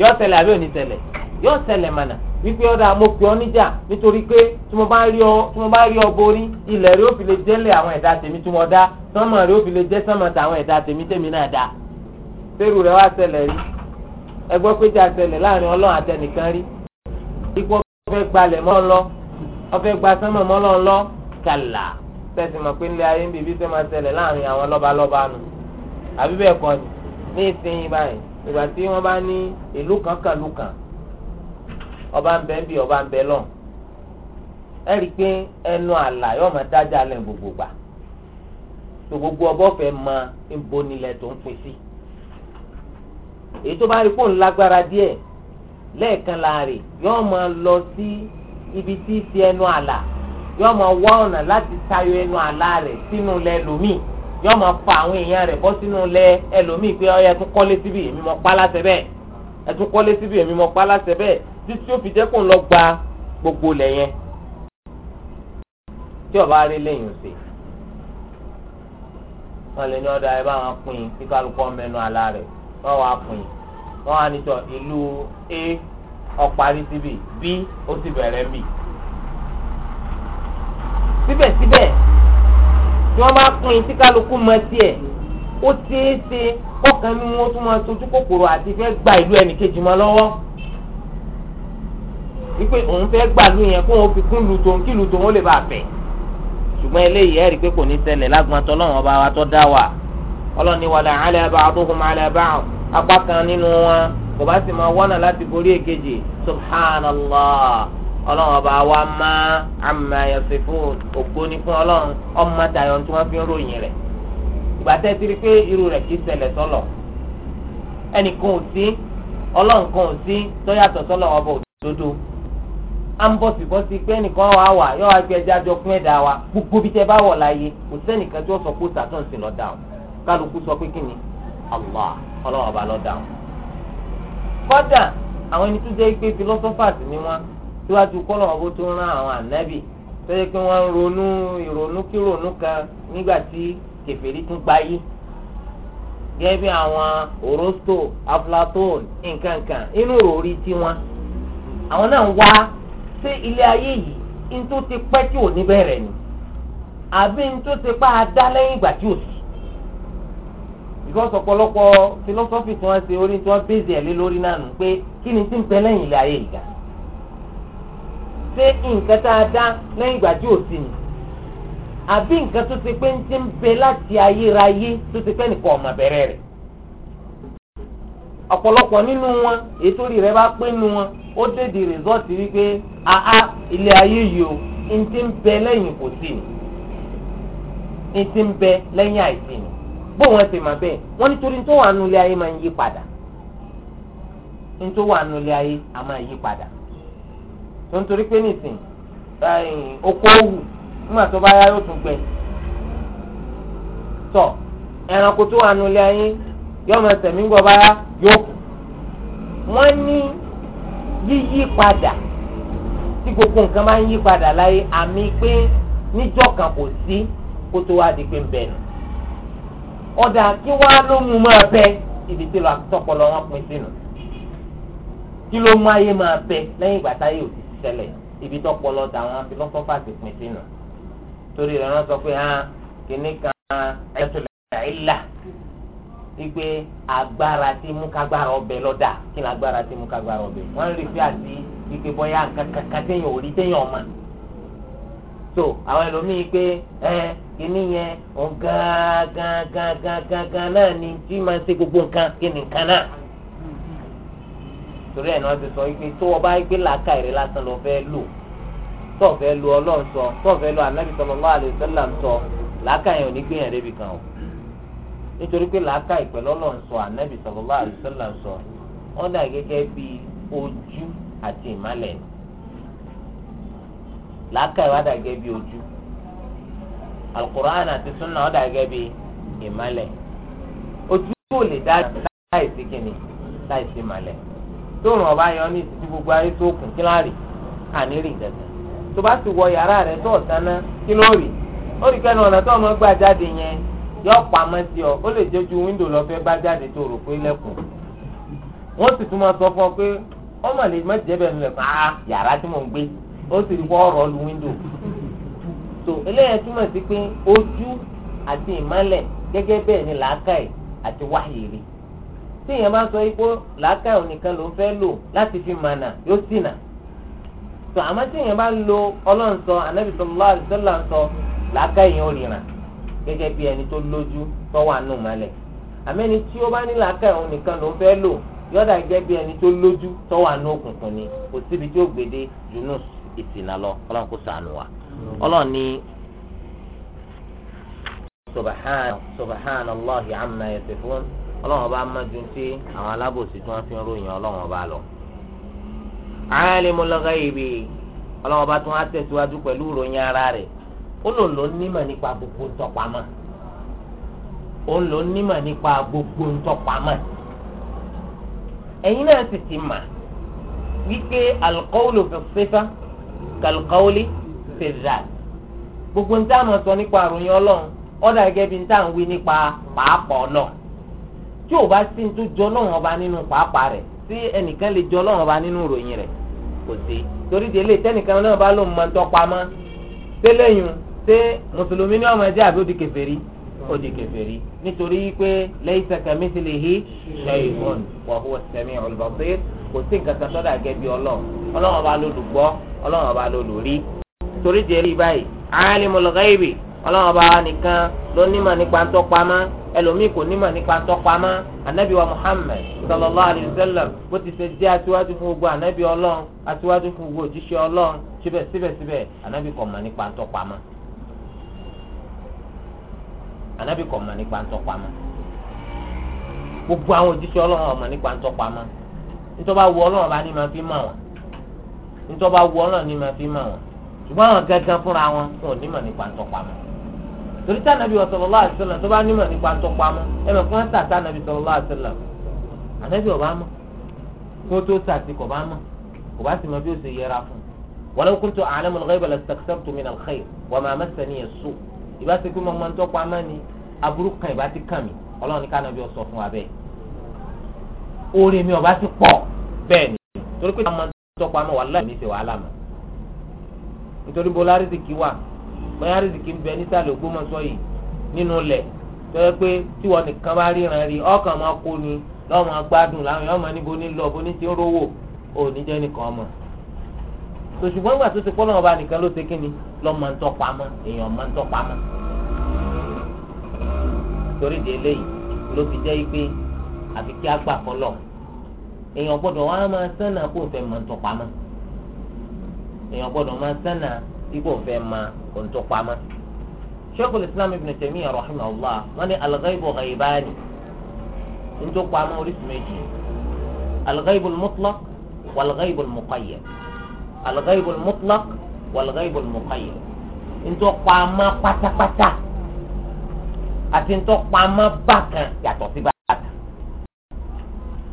yọ ṣẹlẹ̀ àbí òní ṣẹlẹ̀ yọ ṣẹlẹ̀ mànà wípé ọ̀dà mo pè ọ́ níjà nítorí pé tí mo bá rí ọ tí mo bá rí ọ borí ilẹ̀ rí ó fi lè jẹ́lẹ̀ àwọn ẹ̀dá tèmi tí mo dá sánmọ̀ rí ó fi lè jẹ́ sánmọ̀ tàwọn ẹ̀dá tèmi tèmi náà dá sẹ́rù rẹ̀ wá ṣẹlẹ̀ rí ẹ gbọ́ pé jà láàrin ọlọ́run àtẹnìkan rí ipò ọfẹ́ gbalẹ̀ mọ́ lọ ọfẹ́ gba mọ́ lọ ní ìsinyìí báyìí ìgbà tí wọ́n bá ní ìlú kan kàlú kan ọba ń bẹ ń bí ọba ń bẹ lọ́n ẹ rí i pé ẹnu àlà yóò máa dájà lẹ́yìn gbogbo gbà gbogbo ọbọ̀ fẹ́ mọ ibo nílẹ̀ tó ń pè sí èyí tó bá rí fóònù lágbára díẹ̀ lẹ́ẹ̀kan láàrin yóò máa lọ sí ibi tí ti ẹnu àlà yóò máa wá ọ̀nà láti tayọ ẹnu àlà rẹ̀ sínú lẹ́lòmíì yóò máa fa àwọn èèyàn rẹ̀ bọ́ sínú lẹ ẹlòmíì pé ọyẹ tún kọ́lé síbi èmi mọ pa láṣẹ bẹ́ẹ̀ ẹ tún kọ́lé síbi èmi mọ pa láṣẹ bẹ́ẹ̀ títí ó fi jẹ́ kó ń lọ gba gbogbo lẹ̀ yẹn tí ọba rí lẹ́yìn ọ̀sẹ̀ wọn lè ní ọ̀dọ̀ ẹ bá wọn pín kí kálukọ́ mẹ́nu àlá rẹ̀ wọ́n wá pín wọ́n á nítọ̀ ìlú a ọ̀parí síbi b ó sì bẹ̀rẹ̀ mì síbẹ̀síbẹ̀ tí wọ́n bá pín in tí kálukú mọ tiẹ̀ ó ṣeé ṣe kọ́kàn ní wọ́n tún máa sojú kòkòrò àti fẹ́ gba ìlú ẹnìkejì mọ́ lọ́wọ́ wípé òun fẹ́ gbàlú yẹn kó wọn fi kún lu tòun kí lu tòun ó lè bá a fẹ̀ ṣùgbọ́n eléyìí ẹ̀rí pé kò ní ṣẹlẹ̀ lágbọ́n tó bá wa tó dá wa ọlọ́ni wàlẹ̀ ala ba'duhum ala ba'd apá kan nínú wọn kò bá sì máa wọ́nà láti borí èkejì subhanallah ọlọ́run ọba wa má àmà ẹ̀sìnkú ògbó ní fún ọlọ́run ọmọ dayọ̀ tí wọ́n fi ń ròyìn rẹ̀ ìgbà tẹ́ ti rí pé irú rẹ̀ kì í ṣẹlẹ̀ sọ́lọ̀ ẹnìkan ò sí ọlọ́run kan ò sí tó yàtọ̀ sọ́lọ̀ ọba òdodo à ń bọ̀ síbọ̀ sí pé ẹnìkan wà wà yọ àgbẹ̀ ẹja jọ fún ẹ̀dá wa gbogbo bí tẹ bá wọ̀ láyé kò sẹ́nìkan tí wọ́n sọ pé ó sàtọ̀ sí lọ́dà o kálukú sọ pé kí ni Allah ọlọ́run ọba lọ́dà o. kọ́dà àwọn ẹni tó jẹ́ pé philosophers ni wọ́n síwájú kọ́nà ọ̀bọ tó ń rán àwọn ànábì tó yẹ kí wọ́n ronú ìrònú kí ronú kan nígbà tí tún gbáyé àwọn Orosto Aflatone nkankan inú ròrí tiwọn àwọn náà ń wá sí ilé ayé yìí tó ti pẹ́ tí ò ní bẹ̀rẹ̀ ni àbí ti pa adá ṣé nǹkan tá a dá lẹ́yìn ìgbà tí ò sí ni àbí nǹkan tó ti pé ń ti ń bẹ láti ayérayé tó ti pẹ́ nìkan ọ̀mà bẹ̀rẹ̀ rẹ̀ ọ̀pọ̀lọpọ̀ nínú wọn ètò orí rẹ̀ bá pé nínú wọn ó dédìí rìsọ́ọ̀tì wípé àá ilé ayé yìí o ń ti ń bẹ lẹ́yìn kò sí ni ń ti ń bẹ lẹ́yìn àìsí ni bó wọn ti mà bẹ́ẹ̀ wọ́n nítorí tó wà nulẹ̀ ayé máa ń yí padà ń tó wà nulẹ̀ ayé a máa yí padà tó ń torí pé nìsín oko wù nígbà tó bá yá yóò tún gbẹ tọ ẹranko tó wà nulẹ̀ yín yọmọ ẹsẹ̀mí gbọ́ bá yá yóò kù wọ́n ní yíyí padà tí gbogbo nǹkan máa ń yí padà láyé àmì pé níjọ́ kan kò sí kó tó wá di pé ń bẹ̀rù ọ̀dà kí wá ló mú máa bẹ ibi tí lọ àtọ́pọ̀lọ́ wọn pin sínú kí ló mú ayé máa bẹ lẹ́yìn ìgbà táyé òsì ṣẹlẹ̀ ibi tó pọlọ tàwọn filọ́sọ́fà ti pín sínú torí rẹ̀ wọ́n sọ pé hàn kìnnì kan ẹ̀tùlẹ̀ ìlà wípé agbára tí mú kágbára ọbẹ̀ lọ́dà kí ni agbára tí mú kágbára ọbẹ̀ wọ́n rí fí àti wípé bọ́yá kankan téèyàn ò rí téèyàn ọmọ so àwọn ẹlòmíì pé ẹ kìnnì yẹn òun gángan gángan gángan náà ni tí máa ń ṣe gbogbo nǹkan kí ni nǹkan náà torí ẹ̀ náà ti sọ wípé tó o bá gbé làákà ìrẹ́ lásán lọ fẹ́ lò tó o fẹ́ lo ọlọ́run sọ tó o fẹ́ lo anabi sallallahu alaihi wasallam sọ làákà yẹn ò ní gbìyànjú débi kan o nítorí pé làákà ìpẹ́lẹ́ ọlọ́run sọ anabi sallallahu alaihi wasallam sọ wọ́n dà gẹ́gẹ́ bí ojú àti ìmálẹ̀ làákà ìwà dà gẹ́gẹ́ bí ojú alukur'an àti sunna wọ́n dà gẹ́gẹ́ bí ìmálẹ̀ ojú kò lè dá láìsí kìnnì láìsí ìmálẹ̀. tóòrùn ọba yọ ní títí gbogbo ayé tó kùn kí láàrì ànírì gẹ̀gẹ̀ tó bá sì wọ yàrá rẹ tó ọ̀sánná kí ló rì ó rí kẹ́nu ọ̀nà tó ọmọ gbà jáde yẹn yọ pamọ́ sí ọ ó lè ju wíńdò lọ fẹ́ bá jáde tó rò ọmọ lè má jẹ́ bẹ́ẹ̀ yàrá tí mò ń gbé ó sì rí lu wíńdò tó eléyẹ túmọ̀ sí pé ojú àti ìmọ̀lẹ̀ gẹ́gẹ́ bẹ́ẹ̀ ni tí èèyàn bá sọ ipò làákàyọ̀ nìkan ló ń fẹ́ lò láti fi mànà yóò ṣìnà tó àmọ́ tí èèyàn bá lo ọlọ́run sọ ànábì sallallahu alaihi wasallam sọ làákàyọ̀ ò ríran gẹ́gẹ́ bí ẹni tó lójú tó wà nù mọ́lẹ̀ àmọ́ ẹni tí ó bá ní làákàyọ̀ nìkan ló ń fẹ́ lò yọ̀dà gẹ́gẹ́ bí ẹni tó lójú tó wà nù òkùnkùn ni kò síbi tí ó gbèdé jùnú ìsìnà lọ ọlọ́run kò ṣàánú wa ọlọ́run ní subhanallahi amma yasifun ọlọ́run ọba mọ́jú tí àwọn alábòsí tí wọ́n fi ń ròyìn ọlọ́run ọba lọ. alimul ghaibi ọlọ́run ọba tí wọ́n á tẹ̀síwájú pẹ̀lú ìròyìn ara rẹ̀ ó lò ló nímọ̀ nípa gbogbo ntọ́pamọ́ ó lò nímọ̀ nípa gbogbo ntọ́pamọ́ ẹ̀yin náà sì ti mà wípé alqawlu fi sifa kalqawli fi zat gbogbo ntá sọ nípa ìròyìn ọlọ́run ọ̀dà tí ò bá sí ní tó jọ lọ́wọ́n ọba nínú pàápàá rẹ̀ tí ẹnìkan lè jọ lọ́wọ́n ọba nínú ìròyìn rẹ̀ kò sí torí délé tẹnìkan náà bá lòun máa ń tọpa mọ́ tẹ́lẹ̀yìn ṣé mùsùlùmí ni ọmọ ẹ̀jẹ̀ àbí ó di kèfèrí ó di kèfèrí nítorí pé laysa kamithlihi shay'un wa huwa as-sami'ul basir kò sí nǹkan kan sọ́dọ̀ àgẹ́ bí ọlọ́run ọlọ́run ọba ló ọlọ́run bá nìkan ló nímọ̀ nípa ntọ́pamọ́ ẹlòmíì kò nímọ̀ nípa ntọ́pamọ́ anabi wa muhammed sallallahu alayhi wa sallam bó ti ṣe jẹ́ aṣíwájú fún gbogbo anabi ọlọ́run aṣíwájú fún gbogbo òjíṣẹ́ ọlọ́run síbẹ̀ síbẹ̀ anabi kò mọ̀ nípa ntọ́pamọ́ anabi kò mọ̀ nípa ntọ́pamọ́ gbogbo àwọn òjíṣẹ́ ọlọ́run ọmọ nípa ntọ́pamọ́ ntọ́ba wu ọlọ́run bá ní ma fi mọ̀ wọn ntọ́ba wu ọlọ́run ní ma fi mọ̀ wọn ṣùgbọ́n àwọn gángan fúnra wọn kò nímọ̀ nípa ntọ́pamọ́ torí tá ànábì sallallahu alaihi wasallam tó bá nímọ̀ nípa tó pamọ́ ẹ mọ̀ kí wọ́n tà tá ànábì sallallahu alaihi wasallam ànábì ọ̀bá mọ̀ kó tó tàtí kò bá mọ̀ kò bá sì mọ bí ó ṣe yẹra fún un. walau kuntu a'lamu al-ghayba lastakthartu mina al-khayr wa ma massaniya as-su' ìbá ṣe pé mo mọ tó pamọ́ ni aburú kan ìbá ti kàn mí ọlọ́run bóyá rìsíkì ń bẹ nísàlẹ̀ Ògbómọ̀ṣọ́ yìí nínú lẹ̀ tọ́jú pé tí wọ́n nìkan bá ríran rí ọkàn máa kó ni lọ́mọ gbádùn làwọn èèyàn máa níbo ní lọ bó ní ti ń rówó ò ní jẹ́ nìkan ọmọ. sòṣùgbọ́n gbà tó ti pọ́ náà bá nìkan ló ṣe kíni lọ́mọ ń tọ́pamọ́ èèyàn máa ń tọ́pamọ́. torí de eléyìí ló fi jẹ́ pé àfi kí á gbà kọ́lọ̀ èèyàn gbọ́dọ̀ wá máa sánà kó fẹ́ máa ń tọ́pamọ́ èèyàn gbọ́dọ̀ máa sánà ipò fẹ́ ma ohun tó pamọ́. Sheikhul Islam Ibn Taymiyyah rahimahullah wọ́n ní al-ghaybu ghaybani ohun tó pamọ́ oríṣi méjì al-ghaybu al-mutlaq wal-ghaybu al-muqayyad al-ghaybu al-mutlaq wal-ghaybu al-muqayyad ohun tó pamọ́ pátápátá àti ohun tó pamọ́ bákan yàtọ̀ sí bàtà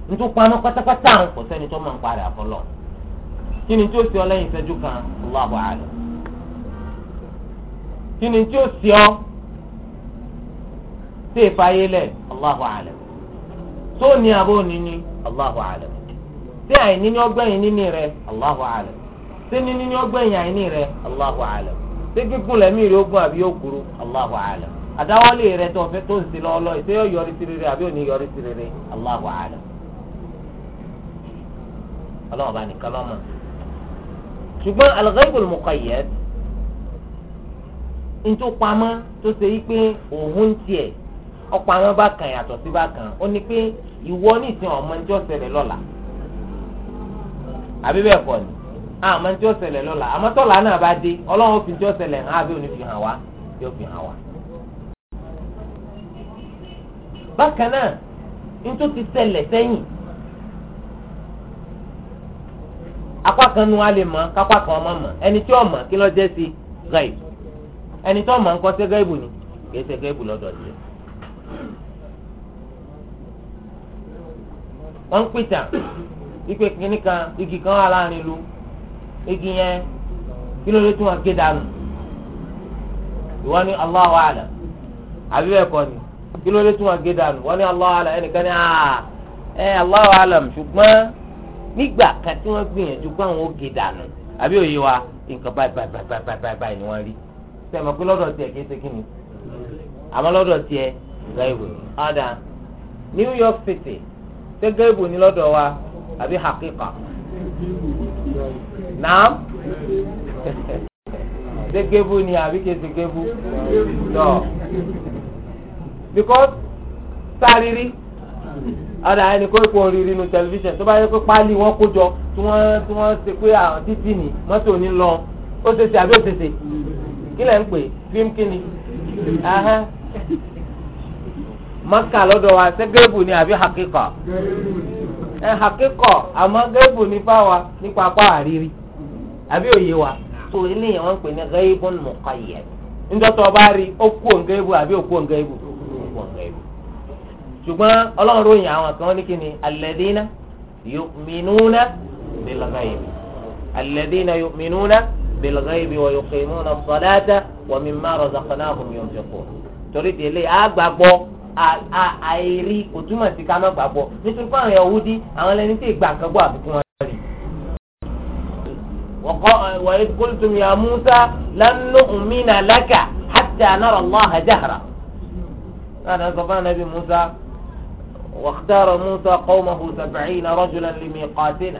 ohun tó pamọ́ pátápátá tó máa ń parẹ́ àfọlọ́ kí ni tí ó lẹ́yìn ìṣẹ́jú kan Allahu a'lam kí ni tí ó sì ọ tí ì fàyè lẹ Allahu alam tó ní abó níní Allahu alam tí àìní ní ọgbẹ́yìn níní rẹ Allahu alam tí níní ní ọgbẹ́yìn àìní rẹ Allahu alam tí gígùn lẹ́mí rẹ ogun àbí okuru Allahu alam àdáwọ́lé rẹ tó fẹ́ tó ń sí lọ́ọ́lọ́ ìṣe yóò yọrí sí rere àbí òní yọrí sí rere Allahu alam ọlọ́wọ́ bá nìkan lọ́mọ ṣùgbọ́n al-ghaybul muqayyad ntó pamọ́ tó ṣe yí pé òun ń tiẹ̀ bakan bá kan yàtọ̀ sí bá kan ó ní pé ìwọ ní ìsìn ọmọ ní tí ó ṣẹlẹ̀ lọ́la àbí bẹ́ẹ̀ kọ́ ni àmọ́ ní tí ó ṣẹlẹ̀ lọ́la àmọ́ tọ́la náà bá dé ọlọ́run fi ní tí ó ṣẹlẹ̀ hàn ábí òní fi hàn wá tí ó fi hàn wá. bákan náà ntó ti ṣẹlẹ̀ sẹ́yìn apá ẹni tó mọ̀ ń kọ́ sẹ́gẹ́ ìbò ni kì í sẹ́gẹ́ ìbò lọ́dọ̀ tiẹ̀. wọ́n ń pìtà wípé kínní kan igi kan wà láàrin ìlú igi yẹn kí ló dé tí wọ́n gé dànù ìwọ ni Allahu a'lam àbí bẹ́ẹ̀ kọ́ ni kí ló dé tí wọ́n gé dànù wọ́n ni Allahu a'lam ẹnìkan ni aa Allah wa a'lam ṣùgbọ́n nígbà kan tí wọ́n gbìyànjú pé àwọn ó gé dànù àbí òye wa nǹkan báyìí báyìí báyìí báyìí báyìí ni wọ́n rí sẹmọ pé lọ́dọ̀ tiẹ̀ kìí ṣe kí ni àmọ́ lọ́dọ̀ tiẹ̀ gaibu ada New York City ṣé gaibu ni lọ́dọ̀ wa àbí hakika naam ṣé gaibu ni àbí kìí ṣe gaibu tọ because sáriri ada ẹni kó ipò rírì nu tẹlifíṣàn tó bá yẹ kó páálí wọn kó jọ tí wọn tí wọn ṣe pé àwọn títì ní mọ́tò ní lọ ó ṣe ṣe àbí ó ṣe ṣe. kí lẹ̀ ń pè fíìmù kíni maka lọ́dọ̀ wa ṣé ni àbí hakíkọ̀ ẹ hakíkọ̀ àmọ́ gẹ́gẹ́bù ni fáwa nípa apá àrírí àbí òye wa tó eléyìí wọ́n pè ní gẹ́gẹ́bù muqayyad ńdọ́tọ̀ ọba rí okú òǹgẹ́gẹ́bù àbí okú okú ròyìn àwọn kan ní kíni bilghaybi wa yuqimuna as-salata wa mimma razaqnahum yunfiqun torí délé àgbàgbọ́ àìrí kò túmọ̀ sí ká má gbàgbọ́ nítorí pé àwọn Yahudi àwọn ẹni tí ìgbà kan gbọ́ àbùkù wọn rí. wa idh qultum ya Musa lan nu'mina laka hatta nara Allaha jahra. náà sọ fún anabi Musa wa ikhtara Musa qawmahu sab'ina rajulan limiqatina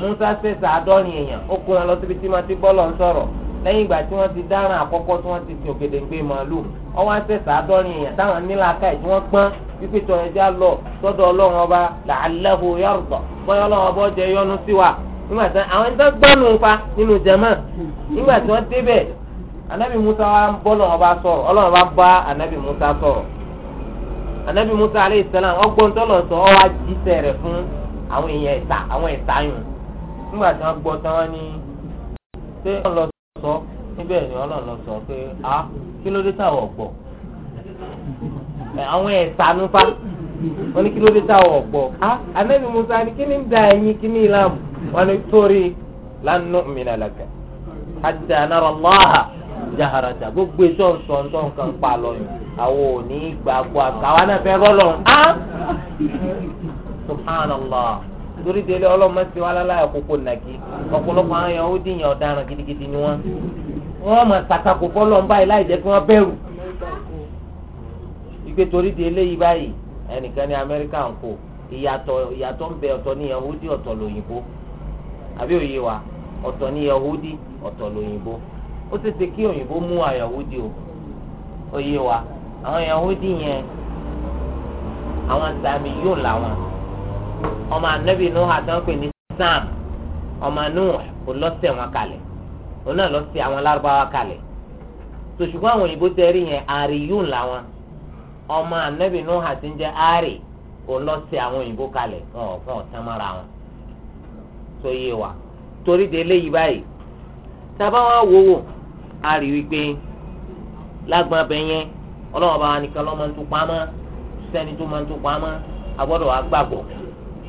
musa fẹsẹ àádọ́rin èèyàn ó kó wọn lọ síbi tí wọn ti bọ́ lọ ń sọ̀rọ̀ lẹ́yìn ìgbà tí wọ́n ti dáràn àkọ́kọ́ tí wọ́n ti sin ògèdèǹgbè màálùú ọwọ́ àṣẹṣà àádọ́rin èèyàn táwọn nílàáká ẹ̀ tí wọ́n pọ́n wípé tọ́ ẹja lọ sọ́dọ̀ ọlọ́run ọba làálẹ́hu yọ̀rọ̀tọ̀ bọ́yọ̀ ọlọ́run ọba jẹ yọnu sí wa nígbà tí àwọn ẹni tó gbọ́nù pa nínú jẹ̀mọ́ nígbà tí wọ́n débẹ̀ anabi musa wa ń bọ́ ọlọ́run ọba sọ̀rọ̀ ọlọ́run ọba bá anabi musa sọ̀rọ̀ anabi musa aleyhisselam ọgbọ́n tọ́lọ̀ sọ ọ wá jíṣẹ́ rẹ̀ fún àwọn èèyàn ẹ̀ta àwọn ẹ̀ta yùn nígbà tí wọ́n gbọ́ tán wọ́n ní pé wọ́n lọ sọ níbẹ̀ ni ọlọ́run lọ sọ pé a kí ló dé táwọn ọ̀pọ̀ àwọn ẹ̀sánú fa wọ́n ní kí táwọn ọ̀pọ̀ a anabi musa ni kí ni ń da ẹyin kí ni ìlànà wọ́n ní torí lánà mìíràn lẹ́kẹ̀ àti ànàrà lọ́hà jaharata gbogbo ètò ọ̀sọ̀ọ̀sọ̀ nǹkan pa lọ́yìn àwọn ò ní gbàgbọ́ àtàwọn náà fẹ́ rọ́ lọ́run á subhanallah. torí délé ọlọ́mọ sí wa láláyà kókó nàgí ọ̀pọ̀lọpọ̀ àwọn èèyàn ó dìyàn ọ̀daràn gidigidi ni wọn wọ́n mọ̀ sàkàkò fọ́lọ́ ń báyìí láì jẹ́ kí ìgbé torí délé yìí báyìí ẹnìkan ní Amẹ́ríkà ń kó ìyàtọ̀ ìyàtọ̀ ń bẹ ọ̀tọ̀ ní Yahudi ọ̀tọ̀ wa ọ̀tọ̀ o òye wa àwọn Yahudi yẹn àwọn sàmì yóò ọmọ anabi nuhu àtàwọn ní sam ọmọ nuhu kò lọ́sẹ̀ wọn kalẹ̀ òun náà lọ́sẹ̀ àwọn lárúbáwá kalẹ̀ tó ṣùgbọ́n àwọn òyìnbó tẹ́rí yẹn àríyún làwọn ọmọ anabi nuhu àti ń jẹ́ ari òun lọ́sẹ̀ àwọn òyìnbó kalẹ̀ wọn ò fún ọ̀tán mọ́ra wọn tó yé wa torí de eléyìí báyìí tábà wọn wò wò a rí wípé lágbọn abẹ yẹn ọlọ́wọ́ bá wa nìkan lọ́ máa ń tún pamọ́ sẹ́ni tó máa ń tún pamọ́ agbọ́dọ̀ wa gbàgbọ́.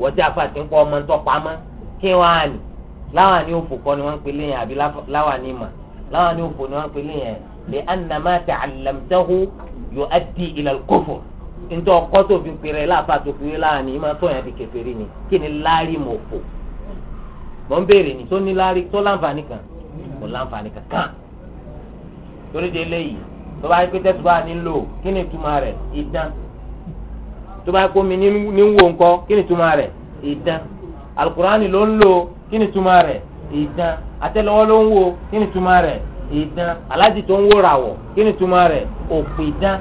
wọ́n tí afa ti ń kọ́ ọmọ ń tọ́ pamọ́ kí wọ́n á nì láwọn ní òfò kọ́ ni wọ́n ń pè léyìn àbí láwọn ní mà láwọn ní òfò ni wọ́n ń pè léyìn lè anamá tẹ alẹ́mtẹ́hu yóò á di ilẹ̀ kófò ntọ́ ọkọ́ tó fi pèrè láàfà tó fi wé láwọn ní ìmọ̀ sọ̀yàn ti kẹfẹ́rì ni kí ni láàrí mọ̀ òfò mọ̀ ń béèrè ni tó ní láàrí tó láǹfààní kan kò láǹfààní kankan torí de eléyìí tó bá yẹ pé tẹ́tù tó bá kó mi ní wo nǹkan kí ni túmọ̀ rẹ̀ ìdán alukurani ló ń lò kí ni túmọ̀ rẹ̀ ìdán àtẹ́lẹwọ́ ló ń wo kí ni túmọ̀ rẹ̀ ìdán aláàjì tó ń wò ràwọ̀ kí ni túmọ̀ rẹ̀ òpè dán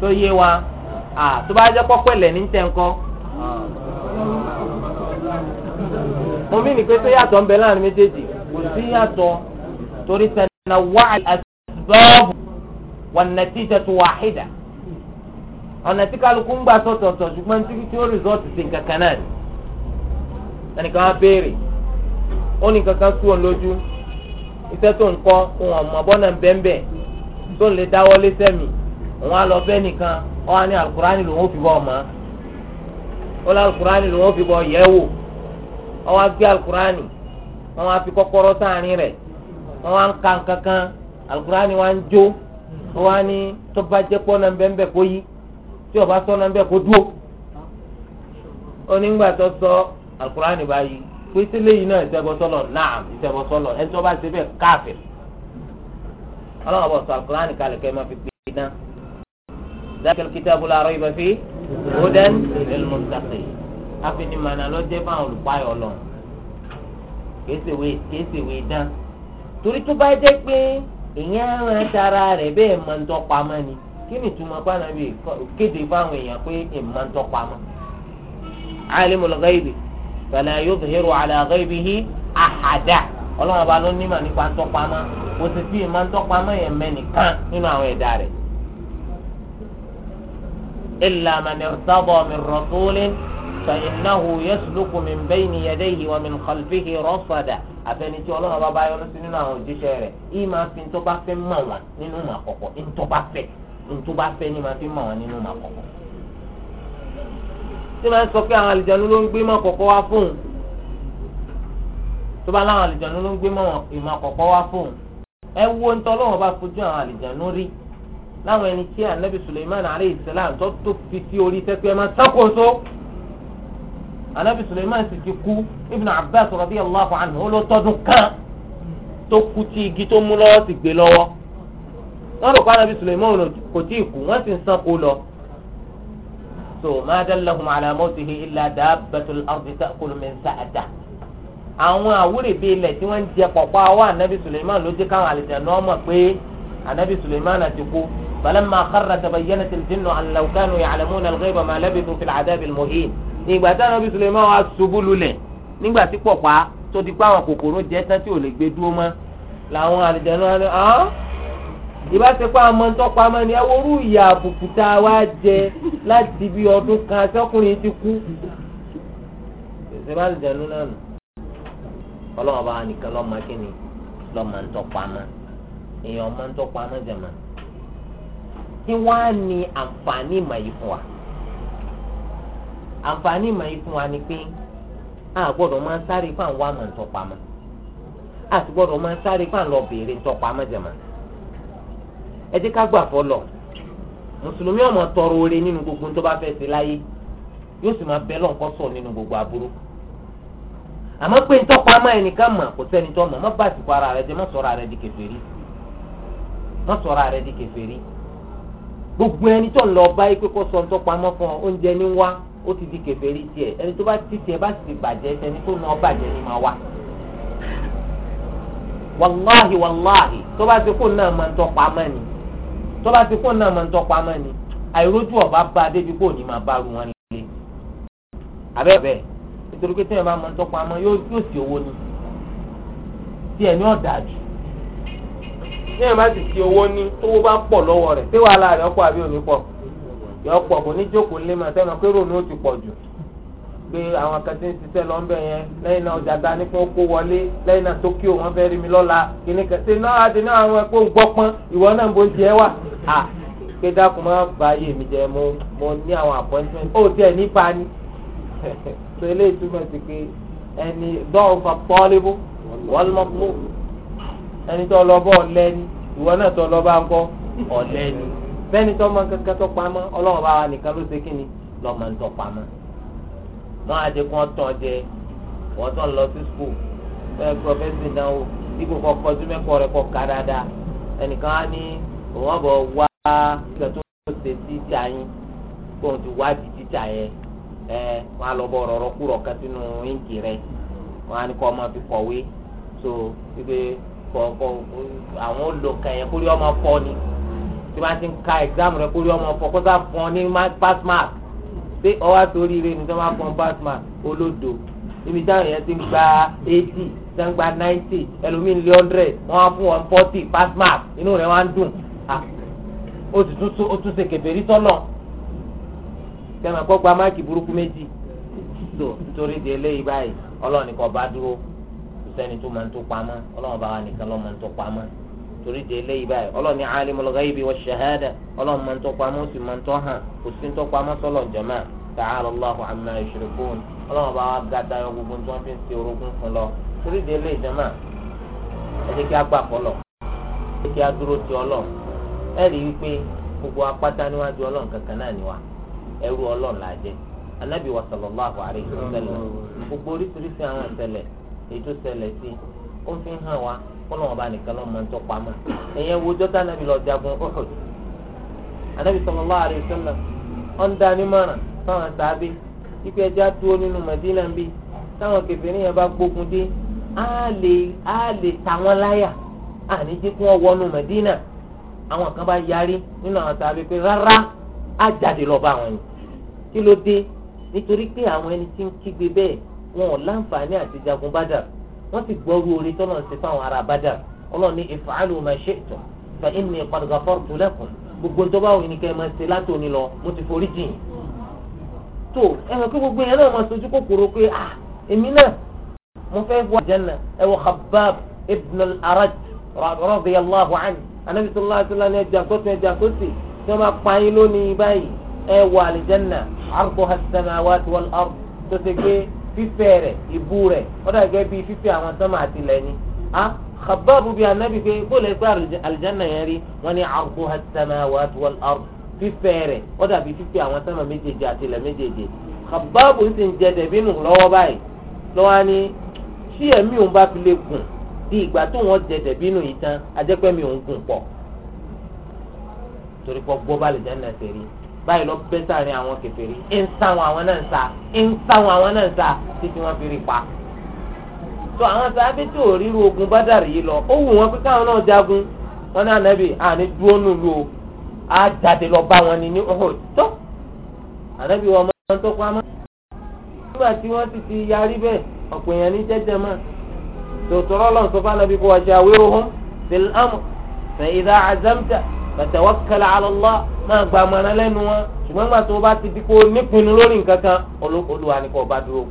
tó yé wa tó bá jẹ́ pọ́pẹ́lẹ̀ ní tẹ̀ǹkọ́ mo mí ni pé tó yàtọ̀ ń bẹ láàrin méjèèjì kò sí yàtọ̀ torí tẹ̀nà wáyé àti bọ́ọ̀bù wan-natijatu wahida ọ̀nà tí kálukú ń gbà sọ̀tọ̀ọ̀tọ̀ ṣùgbọ́n tí tí ó rìsọ́ọ̀tì sí nǹkan kan náà ni ẹnìkan á béèrè ó ní kankan sú òun lójú iṣẹ́ tó ń kọ́ òun ọ̀mọ̀ bọ́nà bẹ́ńbẹ́ tó ń lè dáwọ́ léṣẹ́ mi òun á lọ bẹ́ẹ̀ nìkan ó wá ní alukurani lòun ó fi bọ́ ọmọ ó lọ alukurani lòun ó fi bọ́ yẹ̀ wò ó wá gbé alukurani wọ́n wá fi kọ́kọ́rọ́ sáàrin rẹ̀ wọ́n wá ń ka nǹkan alukurani wá ń jó wọ́n á ní tó bá jẹ́ pọ́ náà bẹ́ẹ̀ bẹ́ẹ̀ kó yí tí ọba sọ náà bẹ́ẹ̀ kó dúró onígbà tó sọ alukurani báyìí pé sílé yìí náà ìṣẹ́bọ sọlọ náà ìṣẹ́bọ sọlọ ẹni tó bá ṣe bẹ́ẹ̀ káàfẹ́ ọlọ́wọ́ bọ̀ sọ alukurani kalẹ̀ kẹ́ máa fi gbé iná e dákẹ́lẹ́ kitabu la rayba fi hudan lil muttaqin afinimana ló jẹ́ fún àwọn olùpáyọ̀ lọ kèsèwé kèsèwé dán torí tó bá jẹ́ pé. ìyẹn rẹ tara rẹ bẹ́ẹ̀ máa ń tọ́pamọ́ ni kí ni ìtumọ̀ pàànàbí kéde fáwọn èèyàn pé ìmọ̀ ń tọ́pamọ́. alimul ala ghaibihi ahada ọlọ́run ọba ló nímọ̀ nípa ń kò sì fi ìmọ̀ ń tọ́pamọ́ yẹn mẹ́nìkan nínú àwọn ẹ̀dá فإنه يسلك من بين يديه ومن خلفه رصدا àfẹni tí ọlọ́run bá bá yọ lọ́sí nínú àwọn òjíṣẹ́ rẹ̀ yìí máa fi ń tó bá fẹ́ mọ̀ wọn nínú ìmọ̀ àkọ́kọ́ ń tó bá fẹ́ ń tó bá fẹ́ ni máa fi mọ̀ wọn nínú ìmọ̀ àkọ́kọ́. tí máa ń sọ pé àwọn àlìjánu ló ń gbé mọ̀ kọ̀kọ́ wá fóun tó bá láwọn àlìjánu ló ń gbé mọ̀ ìmọ̀ àkọ́kọ́ wá fóun ẹ wo ń tọ́lọ́run bá fojú àwọn àlìjánu rí láwọn ẹni tí ànábì Suleiman alayhi salam tó tó fi sí orí sẹ́pẹ́ máa sákòóso anabi suleiman sì ti kú ibn abbas radiyallahu anhu ó ló tọdún kan tó kú tí igi tó mú lọ́wọ́ sì gbé lọ́wọ́ wọ́n rò pé anabi suleiman kò tí ì kú wọ́n sì ń sanko lọ. so ma dallahum ala mawtihi illa dabbatul ardi ta'kulu min sa'atihi àwọn àwúrẹ̀ bíi ilẹ̀ tí wọ́n ń jẹ pọ̀pọ̀ àwọ̀ anabi suleiman ló jẹ́ káwọn àlejò náà mọ̀ pé anabi suleiman ti kú falamma kharra tabayyanat al-jinnu an law kanu ìgbà tí Ànábì Suleiman wa ṣubú lulẹ̀ nígbà tí pọ̀pá tó di pé àwọn kòkòrò jẹ́ tán tí ò lè gbé dúró mọ́ làwọn àlejò náà ọ́n ìbá ṣe pé àmọ́ tó pamọ́ ni ẹ worú ìyà àbùkù tá a wá jẹ láti bí ọdún kan sọ́kùnrin ti kú. ìṣèlú àlejò náà nù ọlọ́wọ́ bá wà nìkan lọ́ọ́ máa ni lọ́ọ́ máa ń tọ́ pamọ́ èèyàn máa ń tọ́ pamọ́ jẹ̀mọ́ kí wọ́n á ní àǹfààní ìmọ̀ yìí fún wa. àǹfààní ìmọ̀ yìí fún wa ni pé a gbọ́dọ̀ máa sáré fún àwọn àmọ̀ ntọ́pamọ́ a sì gbọ́dọ̀ máa sáré fún àwọn ọ̀bẹ̀rẹ̀ ntọ́pamọ́ jẹ̀mọ́ ẹ jẹ́ ká gbà fọlọ̀ mùsùlùmí ọmọ tọrọ oore nínú gbogbo tó bá fẹ́ ṣe láyé yóò sì máa gbogbo aburu àmọ́ pé ntọ́pamọ́ ẹnìkan mọ̀ kò sẹ́ni mọ̀ bá ara rẹ sọ ó ti di kèfèrí tiẹ̀ ẹni tó bá ti tiẹ̀ bá ti bàjẹ́ ẹni tó náà bàjẹ́ ni máa wá. wàláhì wàláhì tó bá ti kó náà máa ń tọpa amá ni tó bá ti kó náà máa ń tọpa amá ni àìrójú ọ̀bá bá a débi kó ní máa bá ru wọn nílé. àbẹ́ bẹ́ẹ̀ nítorí pé téèyàn bá máa ń tọpa amá yóò sì owó ni tí ẹni ọ̀dà jù téèyàn bá sì fi owó ní tówó bá pọ̀ lọ́wọ́ rẹ̀ ṣé wàhálà rẹ̀ ọ̀pọ̀ àbí òní pọ̀ yọ pọ̀ kò ní jókòó lé màá sẹ́nu pé rònú ti pọ̀ jù pé àwọn kan ti ń ṣiṣẹ́ lọ́nbẹ̀ yẹn lẹ́yìn náà ọjà ta ní fún kó wọlé lẹ́yìn náà Tokyo wọ́n fẹ́ rí mi lọ́la kìíní kan ṣe náà àti náà àwọn ẹ̀kọ́ gbọ́pọ́n ìwọ náà bó jẹ́ wà á pé dákun má ba ayé mi jẹ mo mo ní àwọn appointment ó tiẹ̀ ní pani ṣe eléyìí túmọ̀ sí pé ẹni dọ́ọ̀ fa pọ́ọ́lébù wọ́n mọ̀ fún ẹni tó lọ bọ́ ọ̀lẹ́ni ìwọ náà tó lọ bá ń kọ́ ọ̀lẹ́ni bẹ́ẹ̀ni tó máa ń kankan tó pamọ́ ọlọ́run bá wa nìkan ló ṣe kí ni lọ́ máa ń tọ́ pamọ́ wọn àti kí wọ́n tàn ọ́ jẹ wọ́n tàn lọ sí skul bẹ́ẹ̀ pọfẹ́sì náà o dípò kọ́ kọjú mẹ́kọ̀ọ́ rẹ kọ́ ká dáadáa ẹnìkan á ní òun ọ̀bọ̀ wá ìgbà tó ṣe tíjà yín kó òun ti wádìí tíjà yẹn ẹ wọn á lọ bọ ọ̀rọ̀ kúrọ̀ kan sínú íǹkì rẹ wọn á ní kọ́ ọmọ fi kọ̀wé so wípé kọ̀ àwọn olùkọ́ yẹn kórìí ọmọ fọ́ ni tí wọ́n ti ń ka exam rẹ kórí ọmọ ọ̀fọ̀ kó sáà fún ọ ní pass mark pé ọwọ́ àtòrí rẹ ní sọ́wọ́n fún ọ pass mark olódo ibi táwọn yẹn ti ń gba eighty ti ń gba ninety ẹlòmíì ń lé hundred wọ́n á fún ọ forty pass mark inú rẹ wá ń dùn ó ti tún ó tún ṣe kèfèrí sọ́nà sẹ́mi àkọ́ gba máàkì burúkú méjì tó nítorí di eléyìí báyìí ọlọ́ọ̀nì kan bá dúró sẹ́ni tó máa ń tó pamọ́ ọlọ́ọ̀n bá wa nìkan lọ́ọ́ máa ń tó pamọ́. torí de eléyìí báyìí ọlọ́ọ̀ni alimul ghaibi wa shahada ọlọ́ọ̀ni máa ń tọ́ pamọ́ sí máa ń tọ́ hàn kò sí ń tọ́ pamọ́ sọ́lọ̀ jama ọlọ́ọ̀ni bá gbogbo tí wọ́n fi ń ṣe orogún fún lọ torí de jama ẹ jẹ́ kí a gbà fọlọ̀ ẹ jẹ́ gbogbo apáta níwájú kọ́nà ọba nìkan lọ́ mọ ntọ́ pamọ́ ẹ̀yẹn wo jọ́tà nàbì lọ jagun ọ̀hún anabi sallallahu alaihi wasallam ọ̀ndà nímọ̀ràn fáwọn sàábé ipe ẹja dúró nínú Madina ń bí táwọn kẹfìrí yẹn bá gbógun dé á lè á lè ta wọn láyà àní jí kí wọ́n wọnú Madina àwọn kan bá yarí nínú àwọn sàábé pé rárá á jáde lọ bá wọn ni kí ló dé nítorí pé àwọn ẹni tí ń kígbe bẹ́ẹ̀ wọn ò láǹfààní àti jagun bá dàrú wọ́n sì gbọ́rú orí tọ́lọ̀ ṣe fáwọn ará bàdà ọlọ́run ní if'alu ma shi'tum fa inni qad ghafartu lakum gbogbo tó bá wù ní kẹ́ ẹ máa ṣe láti òní lọ mo ti forí jìn tó ẹ mọ̀ pé gbogbo yẹn náà máa sojú kòkòrò pé à èmi náà mo fẹ́ wọ àjẹnà ẹ wọ Khabbab ibn al-Arad radiyallahu anhu anabi sallallahu alayhi wa ẹja kóso ẹja kóso tí wọ́n bá pa yín lónìí báyìí ẹ wọ àlìjẹ́nà arduha as-samawati wal fífẹ̀ rẹ̀ ìbú rẹ̀ ọ̀dà gẹ́gẹ́ bíi fífẹ̀ àwọn sánmà àti ilẹ̀ ni. a khababu bíi anabi pé bó lè gbé alìjánná yẹn rí wọn ni àrùkù hasana wà tuwal ọrù fífẹ̀ rẹ̀ ọ̀dà bíi fífẹ̀ àwọn sánmà méjèèjì àti ilẹ̀ méjèèjì. khababu sì ń jẹ dẹ̀bí nù lọ́wọ́ báyìí lọ́wọ́ ni tí ẹ̀mí òun bá fi lè gùn di ìgbà tó wọ́n jẹ dẹ̀bí nù yìí tán ajẹ́pẹ́mi òun gùn pọ̀ torí pọ̀ gbọ́ bá alìjánná ṣe rí báyìí lọ bẹ́ sáàrin àwọn kèfèrí ń sáwọn àwọn náà ń sa ń sáwọn àwọn náà ń sa títí wọ́n fi rí pa. tó àwọn sábẹ́ tí ò ríru ogun bádàrí yìí lọ ó wù wọ́n pé káwọn náà jagun wọn náà nàbì àní dúró nílùú o á jáde lọ bá wọn ní ní ọ̀hún tó ànábì wọn máa ń tó pamọ́. nígbà tí wọ́n ti ti yarí bẹ́ẹ̀ ọ̀pọ̀ èèyàn ní jẹ́jẹ́ mọ́ tòtòrọ́ lọ́n sọ fún ànábì kó wá ṣe àwérò hàn fatawakkal ala Allah máa gba àmọ̀ràn lẹ́nu wọn ṣùgbọ́n nígbà tó o bá ti di kó o nípinnu lórí nǹkan kan olúwa ni kò bá dúró.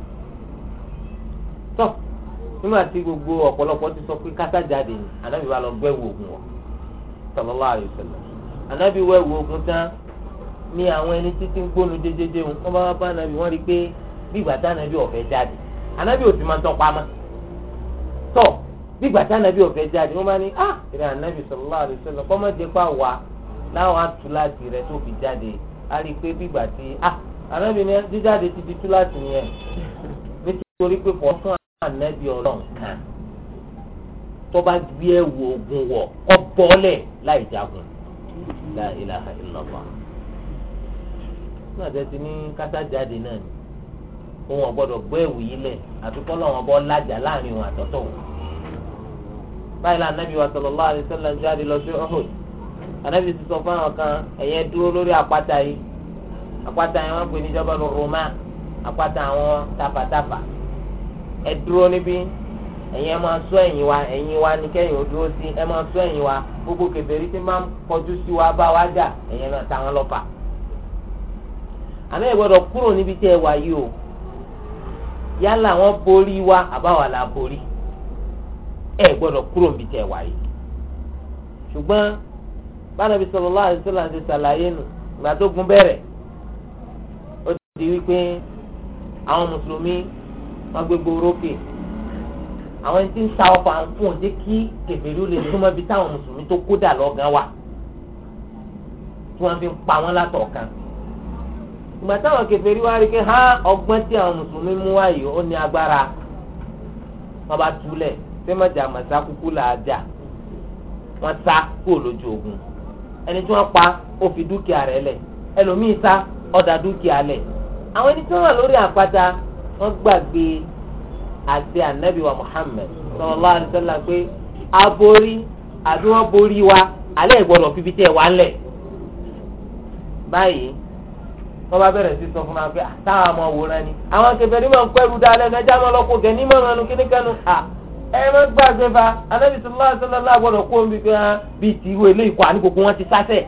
tó nígbà tí gbogbo ọ̀pọ̀lọpọ̀ ti sọ pé kátà jáde ni anábì wa lọ gbẹ́ wo oògùn wọn sallallahu alaihi wasallam anábì wẹ́ wo oògùn tán ni àwọn ẹni títí ń gbónu jẹjẹjẹ wọn bá wá bá anábì wọn rí i pé bí ìgbà tá anábì ọ̀fẹ́ jáde anábì ò gbígbà tí anabi ọ̀fẹ́ jáde wọ́n máa ní ah ìrìn anabi sallallahu alaihi wasallam kọ́mọ́dé pa wà láwọn atúláàtì rẹ̀ tó fi jáde a rí i pé gbígbà tí ah anabi ni jíjáde ti di túláàtì yẹn nítorí pé kò fún anabi ọlọ́run kan tó bá gbé ẹ̀wù ogun wọ̀ kọ́ bọ́ọ̀lẹ̀ láì jagun la ilaha illallah nígbà tí a ti ní kátà jáde náà ni òun ọ̀gbọ́dọ̀ gbé ẹ̀wù yìí lẹ̀ àfikọ́ lọ́wọ́ bọ́ lájà láàrin òun àtọ́tọ̀ òun báyìí la anabi wa sallallahu alayhi wa sallam jáde lọ sí Uhud anabi ti sọ fún àwọn kan ẹ̀yẹ dúró lórí àpáta yìí àpáta yẹn wọ́n pè ní Jabal Ruma àpáta àwọn tapatapa ẹ dúró níbí ẹ̀yin ẹ máa ṣọ́ ẹ̀yìn wa ẹ̀yìn wa ni kẹ́yìn ò dúró sí ẹ máa ṣọ́ ẹ̀yìn wa gbogbo kèfèrí tí máa ń kọjú sí wa bá wa jà ẹ̀yin náà táwọn lọ́pàá àmọ́ ẹ gbọ́dọ̀ kúrò níbi tí ẹ wà yìí o yálà wọ́n borí wa àbáwá la borí ẹ gbọdọ kúrò níbi tẹ̀ wáyé ṣùgbọ́n bánàbí sallallahu alaihi wasallam ti ṣàlàyé nù ìgbà tó gun bẹ̀rẹ̀ ó ti wípé àwọn mùsùlùmí wọn gbégbó rókè àwọn ẹni tí ń ta ọkọ̀ àǹkùn òde kí kèfèrí lè súnmọ́ ibi táwọn mùsùlùmí tó kódà fi ń pa wọ́n látọ̀ọ̀kan ìgbà táwọn kèfèrí wá rí i pé ha ọgbọ́n tí àwọn mùsùlùmí mú wáyé ó ní sẹ́mọ̀jà màsá kúkú là á jà wọ́n sá kúrò lójú ogun ẹni tí wọ́n pa ó fi dúkìá rẹ̀ lẹ̀ ẹlòmíì sá ọ̀dà dúkìá lẹ̀ àwọn ẹni tí wọ́n wà lórí àpáta wọ́n gbàgbé àti ànábì wa Muhammad sallallahu alaihi wasallam pé aborí àbí wọ́n borí wa alẹ́ ìgbọ́dọ̀ fi bí tẹ́ wà lẹ̀ báyìí wọ́n bá bẹ̀rẹ̀ sí sọ fún wa pé àtàwọn ah, ọmọ wòran ni àwọn akẹfẹ́ ni wọ́n ń kọ́ ẹrú dáadẹ́ ẹ̀ka ẹja máa lọ gẹ̀ ní mọ̀ràn nu kíníkanu ah, ẹ má gbàgbé ba anabi sọlá sọlá gbọ́dọ̀ kó omi pé hàn ah, bíi ti irú eléyìí kọ àní gbogbo wọn ti sásẹ.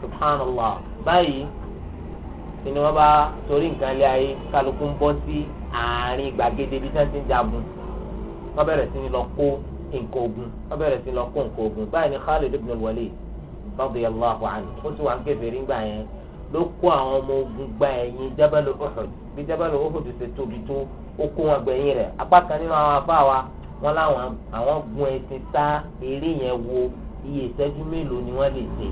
subhanallah báyìí tí ni wọn bá torí nǹkan lé ayé kálukú ń bọ́ sí àárín gbàgede bí sẹ́ńtì ń jagun wọn bẹ̀rẹ̀ sí ni lọ kó nǹkan ogun wọn bẹ̀rẹ̀ sí ni lọ kó nǹkan ogun báyìí ni Khalid ibn al-Walid radiyallahu anhu ó sì wà ń kébèrè ńgbà yẹn ló kó àwọn ọmọ ogun gba ẹ̀yìn jábàlú Uhud bí jábàlú Uhud ṣe tóbi tó ó kó wọn gbẹ̀yìn rẹ̀ apá kan nínú àwọn afá wa wọn láwọn àwọn gun ẹṣin sá eré yẹn wo iye ìṣẹ́jú mélòó ni wọ́n lè ṣe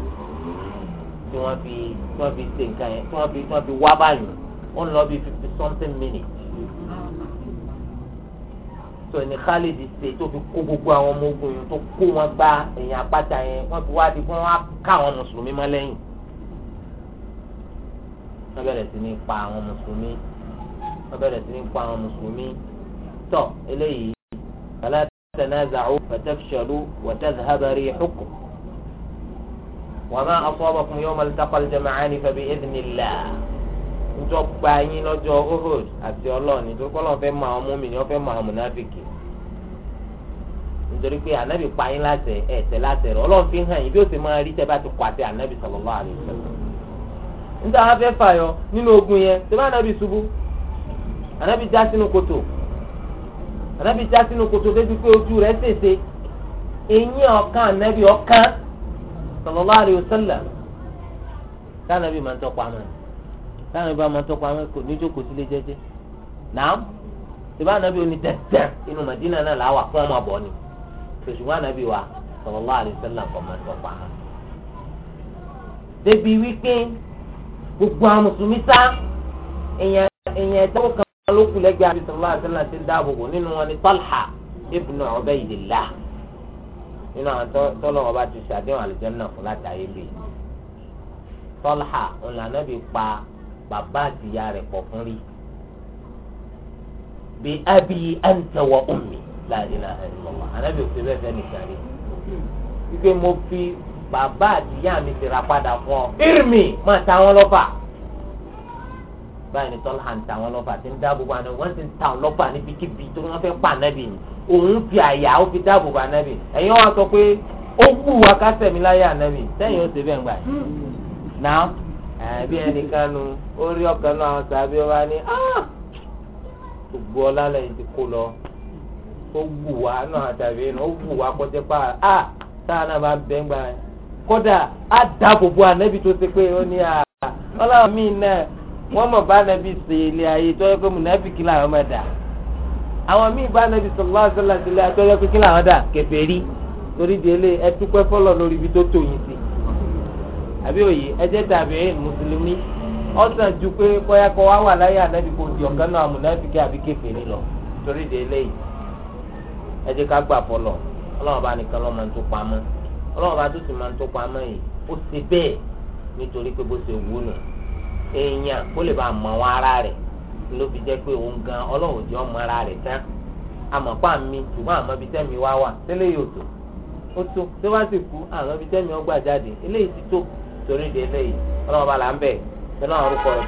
tí wọ́n fi tí wọ́n fi ṣe nǹkan yẹn tí wọ́n fi tí wọ́n fi wá báyìí ó ń lọ bí fifty something minutes sọ ní Khalid ṣe tó fi kó gbogbo àwọn ọmọ ogun yẹn tó kó wọn gba ẹ̀yìn àpáta yẹn wọ́n fi wá di fún wọn á ká àwọn mùsùlùmí mọ́ lẹ́yìn wọ́n bẹ̀rẹ̀ sí ní pa àwọn mùsùlùmí wọ́n bẹ̀rẹ̀ sí ní pa àwọn mùsùlùmí tọ̀ eléyìí fala tanaza'u fatafshalu wa tadhhaba rihukum wa ma asabakum yawma altaqal jama'ani fa bi'idhnillah njọ gba yín lọ́jọ́ ohod àti ọlọ́ọ̀ni tó kọ́ lọ́n fẹ́ mọ àwọn mùmínì wọ́n fẹ́ mọ àwọn mùnàfíkì nítorí pé ànábì pa yín láṣẹ ẹ̀tẹ̀ láṣẹ rẹ̀ ọlọ́run hàn yín bí ó ti máa rí tẹ́ bá ti kọ́ àti ànábì sallallahu alaihi wasallam níta wọn fẹ́ fàyọ nínú ogun yẹn tó bá ànábì ṣubú ànábì já sínú kòtò ànábì já sínú kòtò débi pé ojú rẹ̀ ṣèṣe eyín ọ̀kan ànábì ọ̀kan sallallahu alaihi wasallam tánábì máa ń tọpa mọ́ tánábì máa ń tọpa mọ́ kò ní jókòó sílé jẹ́jẹ́ nàám tó bá ànábì oní tẹ̀tẹ̀ inú Màdínà náà làwà fún ọmọ àbọ̀ ni tòṣùwọ́n ànábì wa sallallahu alaihi wasallam kò máa tọpa mọ́ débi wípé gbogbo àwọn mùsùlùmí sá èèyàn èèyàn ẹ̀dẹ́wò kan ló kù lẹ́gbẹ̀ẹ́ àbí sọ̀rọ̀ àti náà ti ń dáàbò bò nínú wọn ni Talha ibn Ubaydillah nínú àwọn tọ́lọ̀ wọn bá ti ṣàdéhùn àlùjánnà fún láti ayé bèè Talha ńlànà bí pa bàbá àtìyá rẹ̀ pọ̀ fún rí bí abi anta wa ummi la ilaha òfin bẹ́ẹ̀ fẹ́ nìkan rí wípé mo fi bàbá àtìyá mi ti ra padà fún ọ irmi máa ta wọn lọ́fà báyìí ni tọ́lá ń ta wọn lọ́fà ti ń dáàbò bá nábì wọ́n ti ń ta wọn lọ́fà níbikíbi tó wọ́n fẹ́ pa nábì ni òun fi àyà ó fi dáàbò bá nábì ẹ̀yin wọn sọ pé ó wù wá kásẹ̀ mi láyé ànábì sẹ́yìn ó ṣe bẹ́ẹ̀ gbà yìí náà àbí ẹnìkan ó rí ọkàn náà àwọn sàbí wa ní ah! gbogbo ọlá lẹ́yìn ti kó lọ ó wù wá náà àtàbí ó wù wá kọ́tẹ́pá ah! táwọn náà bá bẹ́ẹ̀ gbà yìí. kódà á dáàbò bo ànábì tó ṣe pé ó ní à ọlọ́run mi náà wọ́n mọ̀ bá ànábì ṣe ilé ayé tó yẹ pé mùnàfíkì làwọn máa dà àwọn míì bá ànábì sọ̀rọ̀ àṣọlá ṣe ilé ayé tó yẹ kí làwọn dà torí ibi tó tò yín sí àbí òye dàbí mùsùlùmí ju pé wá wà láyé ànábì kò di ọ̀kan náà àbí lọ torí ẹ ká gbà ọlọ́run bá nìkan ọlọ́run bá tó sì máa ń tó pamọ́ yìí ó ṣe bẹ́ẹ̀ nítorí pé bó ṣe wú nù èèyàn kó lè bá mọ wọn ara rẹ̀ ló fi jẹ́ pé òun gan ọlọ́run jẹ́ ọmọ ara rẹ̀ tán àmọ̀pá mi ṣùgbọ́n àmọ́ ibi tẹ́mi wá wà tẹ́lẹ̀ yóò tó ó tó tó bá sì kú àmọ́ ibi tẹ́mi ọgbà jáde eléyìí ti tó torí ìdí eléyìí ọlọ́run bá là ń bẹ̀ pẹ̀lú àwọn orúkọ rẹ̀